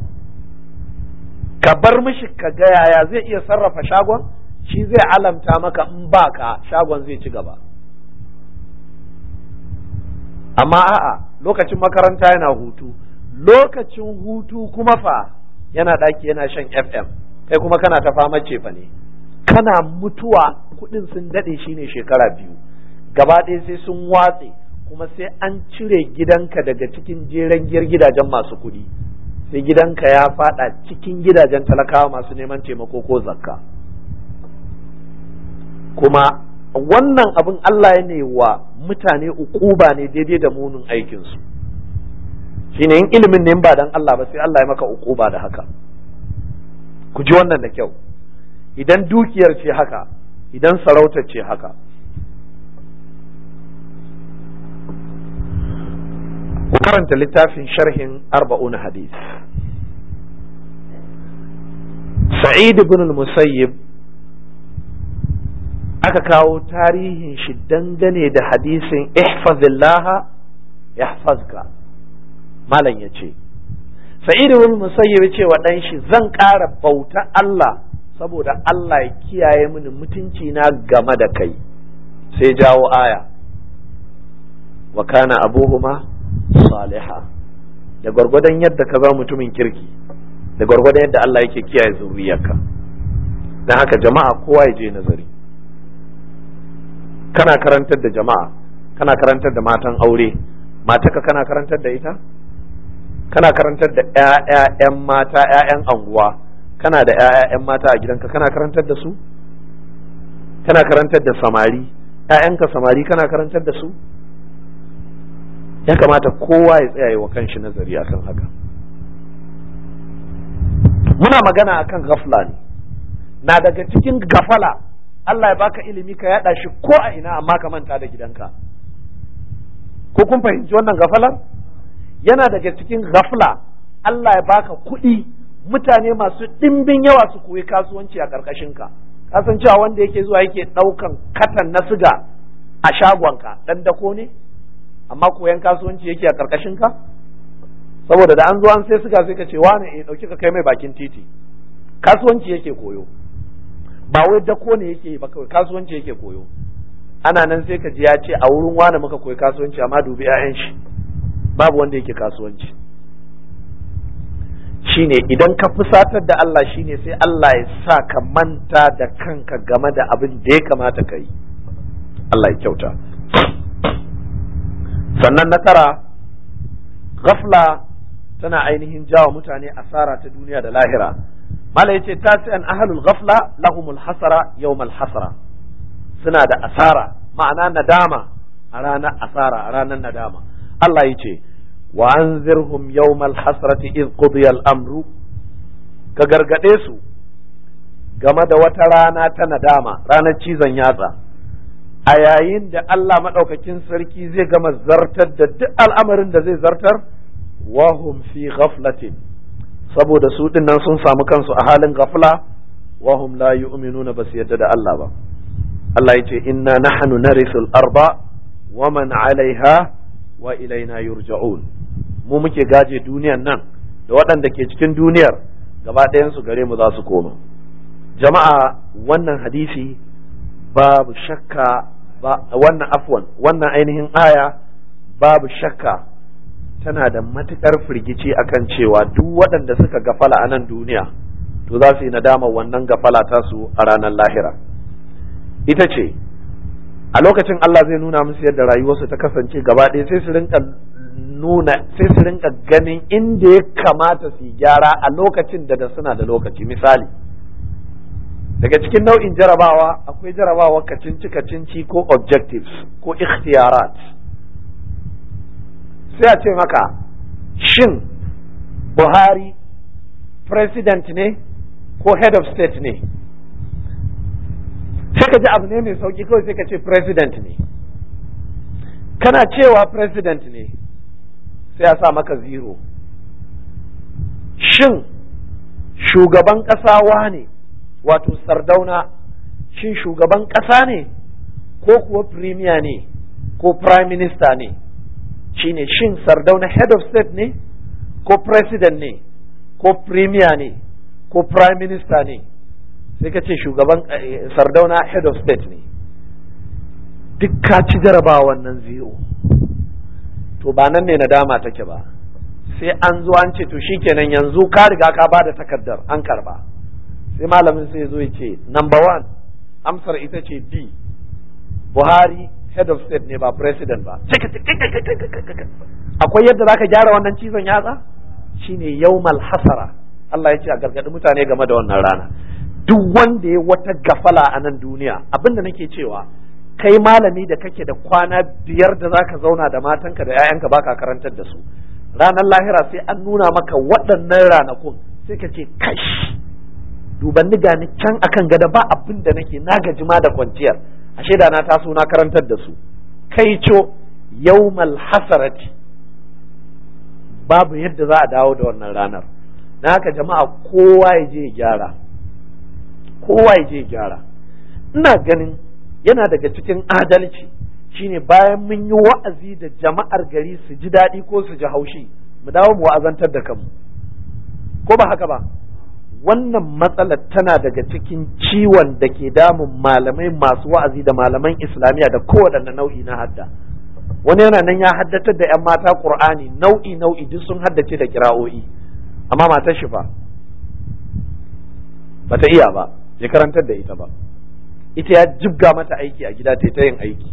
ka bar mishi ka ga yaya zai iya sarrafa shagon shi zai alamta maka in ba ka shagon zai ci gaba amma a'a lokacin makaranta yana hutu lokacin hutu kuma fa yana ɗaki yana shan fm kai kuma kana ta fama ce fa ne kana mutuwa kuɗin sun daɗe shine shekara biyu gaba ɗaya sai sun watse kuma sai an cire gidanka daga cikin jeren giyar gidajen masu kuɗi sai gidanka ya faɗa cikin gidajen talakawa masu neman taimako ko zakka kuma wannan abin Allah ya ne wa mutane ukuba ne daidai da munin aikinsu shine in ilimin ne ba dan Allah ba sai Allah ya maka ba da haka ku ji wannan da kyau idan dukiyar ce haka idan sarautar ce haka ku karanta littafin sharhin arba'un hadis sa'id ibn al-musayyib aka kawo tarihin shi dangane da hadisin ihfazillaha yahfazka malam ya ce Sa'idu ibn musayyib ce wa dan shi zan ƙara bauta Allah saboda Allah ya kiyaye mini mutunci na game da kai sai jawo aya wa kana abuhuma saliha da gwargwadon yadda ka zama mutumin kirki da gwargwadon yadda Allah yake kiyaye zuriyarka dan haka jama'a kowa ya je nazari kana karantar da jama'a kana karantar da matan aure mataka kana karantar da ita kana karantar da ƴaƴan mata ƴaƴan anguwa kana da ƴaƴan mata a gidanka kana karantar da su kana karantar da samari ƴaƴanka samari kana karantar da su ya kamata kowa ya tsaya wa kanshi nazari akan haka muna magana akan gafla ne na daga cikin gafala Allah ya baka ilimi ka yada shi ko a ina amma ka manta da gidanka ko kun fahimci wannan gafalar yana daga cikin ghafla Allah ya baka kuɗi mutane masu ɗimbin yawa su koyi kasuwanci a ƙarƙashin ka kasan cewa wanda yake zuwa yake ɗaukan katan na siga a shagonka ɗan dako ne amma koyan kasuwanci yake a ƙarƙashin ka saboda da an zo an sai siga sai ka ce wane ne eh, ɗauki ka kai mai bakin titi kasuwanci yake koyo ba wai dako ne yake ba kawai kasuwanci yake koyo ana nan sai ka ji ya ce a wurin wane muka koyi kasuwanci amma dubi 'ya'yan shi babu wanda yake kasuwanci shine idan ka fusatar da Allah shine sai Allah ya sa ka manta da kanka game da abin da ya kamata ka yi Allah ya kyauta sannan na tara ghafla tana ainihin jawa mutane asara ta duniya da lahira mala yace tasi'an ahlul ghafla lahumul hasara yau hasara suna da asara ma'ana nadama a ranar asara a ranar nadama Allah yace وأنذرهم يوم الحسرة إذ قضي الأمر su game da wata rana ta nadama ranar cizon yatsa a yayin da Allah maɗaukakin sarki zai gama zartar da duk al'amarin da zai zartar wahum fi ghaflatin saboda su dinnan sun samu kansu a halin ghafla wahum la yu'minuna ba su yadda da Allah ba Allah ya ce inna na risul arba wa man alaiha wa ilaina yurja'un mu muke gaje duniyar nan da waɗanda ke cikin duniyar gaba ɗayansu gare mu za su koma jama'a wannan hadisi babu shakka wannan afwan wannan ainihin aya babu shakka tana da matukar firgici akan cewa duk waɗanda suka gafala a nan duniya to za su yi nadama wannan gafala tasu a ranar lahira ita ce a lokacin Allah zai nuna musu yadda rayuwarsu ta kasance gaba ɗaya sai su rinka nuna sai su rinka ganin inda ya kamata su yi gyara a lokacin da suna da lokaci misali daga cikin nau'in jarabawa akwai jarabawa kacinci kacinci ko objectives ko ikhtiyarat sai a ce maka shin buhari president ne ko head of state ne sai ka ji abu ne mai sauki kawai sai ka ce president ne kana cewa president ne sai a sa maka zero shin shugaban ƙasa ne wato sardauna shin shugaban ƙasa ne ko kuwa premier ne ko prime minister ne shine shin sardauna head of state ne ko president ne ko premier ne ko prime minister ne sai ka ce shugaban eh, sardauna head of state ne duk ka ci jarabawa wannan zero to ba nan ne nadama take ba sai an zo an ce to shikenan yanzu ka riga ka ba da takardar an karba sai malamin sai zo ya ce number one amsar ita ce d buhari head of state ne ba president ba sai ka ce akwai yadda za ka gyara wannan cizon yatsa shine yau hasara Allah ya ce a gargadi mutane game da wannan rana duk wanda ya wata gafala a nan duniya abinda nake cewa kai malami da kake da kwana biyar da zaka zauna da matanka da 'ya'yanka baka karantar da su ranar lahira sai an nuna maka waɗannan ranakun sai ka ce kash dubanni gani can akan gada ba abin da nake na gaji ma da kwanciyar ashe da na taso na karantar da su kai co mal hasarati babu yadda za a dawo da wannan ranar na haka jama'a kowa ya je ya gyara kowa ya je gyara ina ganin yana daga cikin adalci shine bayan mun yi wa'azi da jama'ar gari su ji daɗi ko su ji haushi mu dawo mu wa'azantar da kanmu ko ba haka ba wannan matsalar tana daga cikin ciwon da ke damun malamai masu wa'azi da malaman islamiyya da kowaɗanne nau'i na hadda wani yana nan ya haddatar da 'yan mata ƙur'ani nau'i nau'i duk sun haddace da kira'o'i amma matar shi fa ta iya ba ya karantar da ita ba ita ya jibga mata aiki a gida ta yin aiki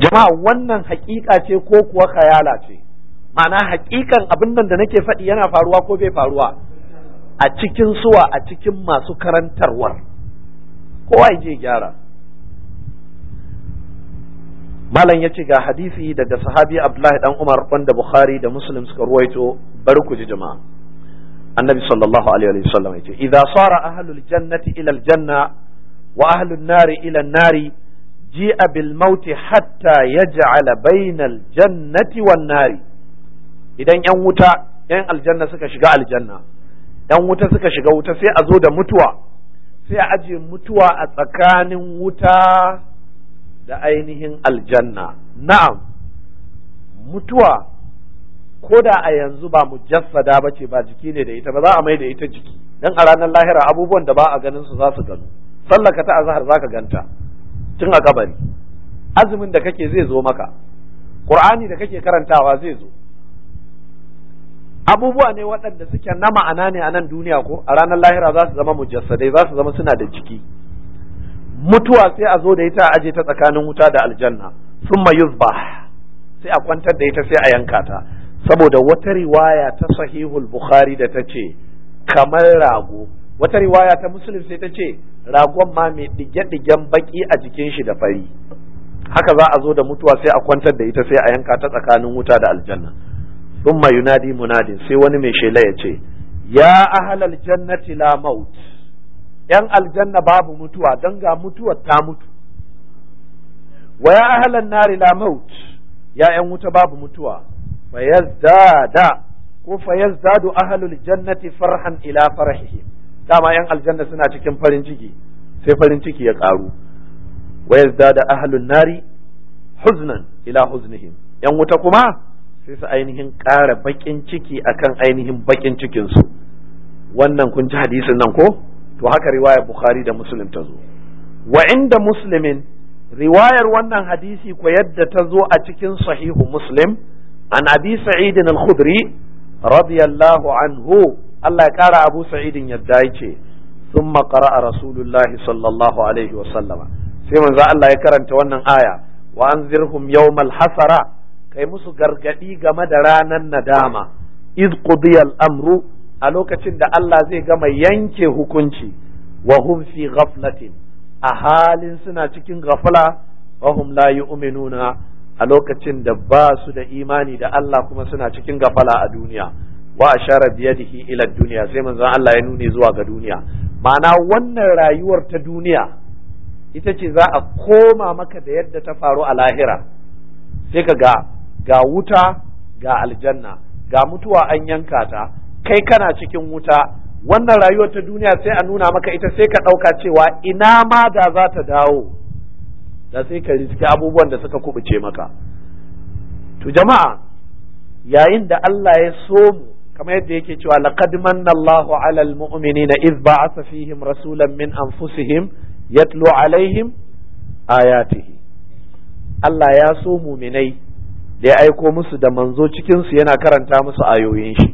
jama'a wannan hakika ce ko kuwa khayala ce ma'ana hakikan abin nan da nake faɗi yana faruwa ko bai faruwa a cikin suwa a cikin masu karantarwar kowa je gyara malam ya ce ga hadisi daga sahabi abdullahi dan umar wanda bukhari da muslim suka ruwaito bari ku ji jama'a annabi sallallahu alaihi wasallam yace idza sara ahlul jannati ila aljanna wa ahlun nari ila nari ji'a bil maut hatta yaj'ala bainal jannati wan nari idan yan wuta yan aljanna suka shiga aljanna yan wuta suka shiga wuta sai a zo da mutuwa sai a aje mutuwa a tsakanin wuta da ainihin aljanna na'am mutuwa ko da a yanzu ba mujassada ba ce ba jiki ne da ita ba za a mai da ita jiki dan a ranar lahira abubuwan da ba a ganin su za su gano sallaka ta azhar ka ganta tun a kabari azumin da kake zai zo maka qur'ani da kake karantawa zai zo abubuwa ne waɗanda suke na ma'ana ne a nan duniya ko a ranar lahira za su zama mujassadai za su zama suna da jiki mutuwa sai a zo da ita a aje ta tsakanin wuta da aljanna summa yuzbah sai a kwantar da ita sai a yanka ta saboda wata riwaya ta sahihul bukhari da ta ce kamar rago wata riwaya ta muslim sai ta ce ragon ma mai ɗige-ɗigen baƙi a jikin shi da fari haka za a zo da mutuwa sai a kwantar da ita sai a yanka ta tsakanin wuta da aljanna ma yunadi munadin sai wani mai shela ya ce ya ahal jannati la maut yan aljanna babu mutuwa don ga mutuwar ta mutu wa ya ahal nari la maut ya yan wuta babu mutuwa fayazdada ko fayazdadu ahlul jannati farhan ila farhihim dama yan aljanna suna cikin farin ciki sai farin ciki ya karu wayazdada ahlun nari huznan ila huznihim yan wuta kuma sai su ainihin ƙara bakin ciki akan ainihin bakin cikin su wannan kun ji hadisin nan ko to haka riwayar bukhari da muslim ta zo wa inda muslimin riwayar wannan hadisi ko yadda ta zo a cikin sahihu muslim an abi sa'idin al-khudri radiyallahu anhu Allah ya ƙara abu sa'idin yadda yace thumma qara'a rasulullahi sallallahu alaihi wa sallama sai manzo Allah ya karanta wannan aya wa anzirhum yau malhasara, kai musu gargadi game da ranar nadama iz qudiyal amru a lokacin da Allah zai gama yanke hukunci wahumsi hum ghaflatin a halin suna cikin ghafla wa hum la yu'minuna a lokacin da ba su da imani da Allah kuma suna cikin gafala a duniya wa ashara biyadihi ila duniya sai manzon Allah ya nune zuwa ga duniya ma'ana wannan rayuwar ta duniya ita ce za a koma maka da yadda ta faru a lahira sai ka ga ga wuta ga aljanna ga mutuwa an yanka ta kai kana cikin wuta wannan rayuwar ta duniya sai a nuna maka ita sai ka ɗauka cewa ina ma da za ta dawo da sai ka riske abubuwan da suka kubuce maka to jama'a yayin da Allah ya so mu kamar yadda yake cewa laqad manna Allahu 'alal mu'minina idh ba'atha fihim rasulan min anfusihim yatlu 'alaihim ayatihi Allah ya so muminai da ya aiko musu da manzo cikin su yana karanta musu ayoyin shi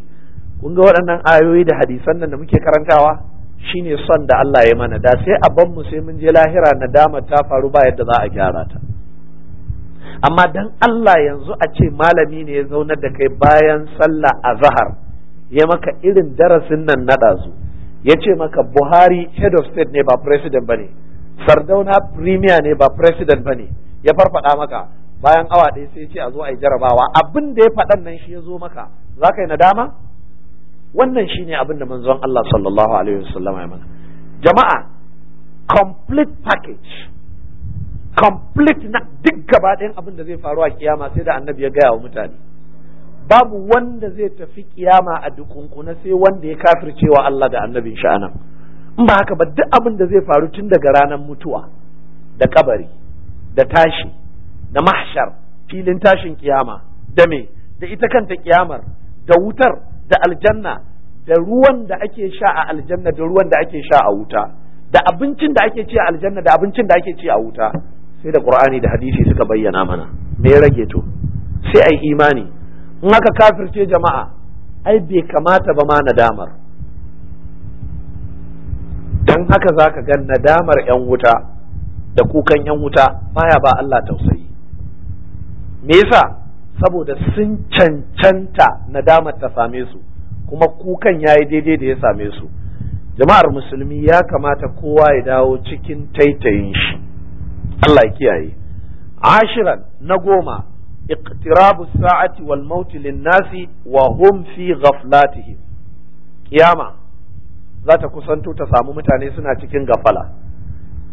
kun ga waɗannan ayoyi da hadisan nan da muke karantawa shine son da Allah ya mana da sai a ban mu sai mun je lahira nadama ta faru ba yadda za a gyara ta amma dan Allah yanzu a ce malami ne ya zauna da kai bayan sallah a zahar ya maka irin darasin nan naɗa su. ya ce maka Buhari head of state ne ba president ba ne Sardauna premier ne ba president ba ne ya farfaɗa maka bayan awa ɗaya sai ce a zo a yi jarabawa abin da ya faɗan nan shi ya zo maka za ka yi nadama wannan shine abin da manzon Allah sallallahu alaihi wasallam ya mana jama'a complete package complete na duk gaba ɗayan abin da zai faru a kiyama sai da annabi ya gaya wa mutane babu wanda zai tafi kiyama a dukunkuna sai wanda ya kafircewa Allah da annabin shi anan in ba haka ba duk abin da zai faru tun daga ranar mutuwa da kabari da tashi da mahshar filin tashin kiyama da me da ita kanta kiyamar da wutar da aljanna da ruwan da ake sha a aljanna da ruwan da ake sha a wuta da abincin da ake ci a aljanna da abincin da ake ci a wuta sai da qur'ani da hadisi suka bayyana mana me ya rage to sai ai imani in aka kafirce jama'a ai bai kamata ba ma nadamar dan haka zaka ga nadamar yan wuta da kukan yan wuta baya ba Allah tausayi me yasa saboda sun cancanta nadamar ta same su kuma kukan ya yi daidai da ya same su jama'ar musulmi ya kamata kowa ya dawo cikin taitayin shi Allah ya kiyaye ashiran na goma iqtirabu sa'ati wal mauti lin nasi wa hum fi ghaflatihim kiyama za ta kusanto ta samu mutane suna cikin gafala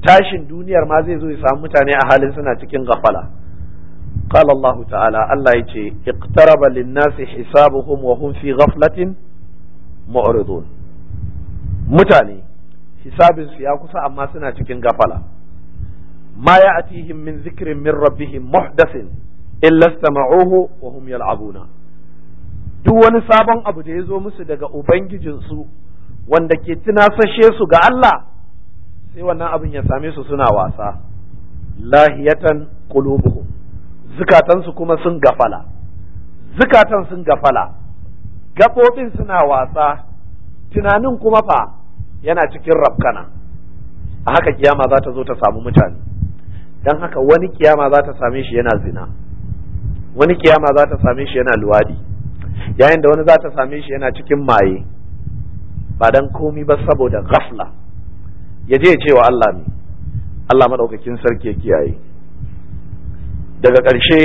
tashin duniyar ma zai zo ya samu mutane a halin suna cikin gafala قال الله تعالى الله يجي اقترب للناس حسابهم وهم في غفلة معرضون متاني حساب سياقس أما سنة تكن غفلة ما يأتيهم من ذكر من ربهم محدث إلا استمعوه وهم يلعبون duk wani sabon abu da ya zo musu daga Ubangijinsu wanda ke tunasashe su ga Allah sai wannan abin ya same su suna wasa lahiyatan qulubuhum zukatansu kuma sun gafala zukatan sun gafala gafofin suna wasa tunanin kuma fa yana cikin rafkana a haka kiyama za ta zo ta samu mutane don haka wani kiyama za ta same shi yana zina wani kiyama za ta same shi yana luwadi yayin da wani za ta same shi yana cikin maye ba dan komi ba saboda gafla, ya je ya ce wa Allah ne Allah madaukakin sarki ya kiyaye daga ƙarshe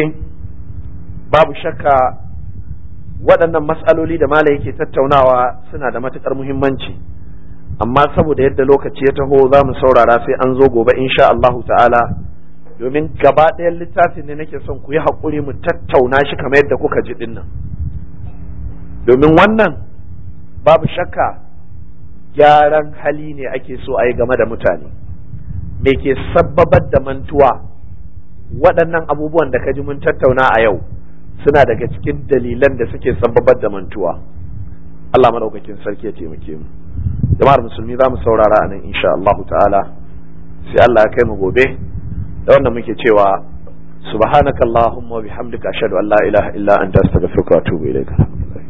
babu shakka waɗannan matsaloli da mala yake tattaunawa suna da matuƙar muhimmanci amma saboda yadda lokaci ya taho za mu saurara sai an zo gobe insha Allahu ta'ala domin gaba ɗayan littafin ne nake son ku yi haƙuri mu tattauna shi kamar yadda kuka ji dinnan domin wannan babu shakka gyaran hali ne ake so a yi game da mutane me ke sabbabar da mantuwa waɗannan abubuwan da ka ji mun tattauna a yau suna daga cikin dalilan da suke sababar da mantuwa Allah madaukakin sarki ya taimake mu jama'ar musulmi za mu saurara a nan insha Allah ta'ala sai Allah ya kai mu gobe da wanda muke cewa subhanakallahumma wa bihamdika ashhadu an la ilaha illa anta astaghfiruka wa atubu ilaik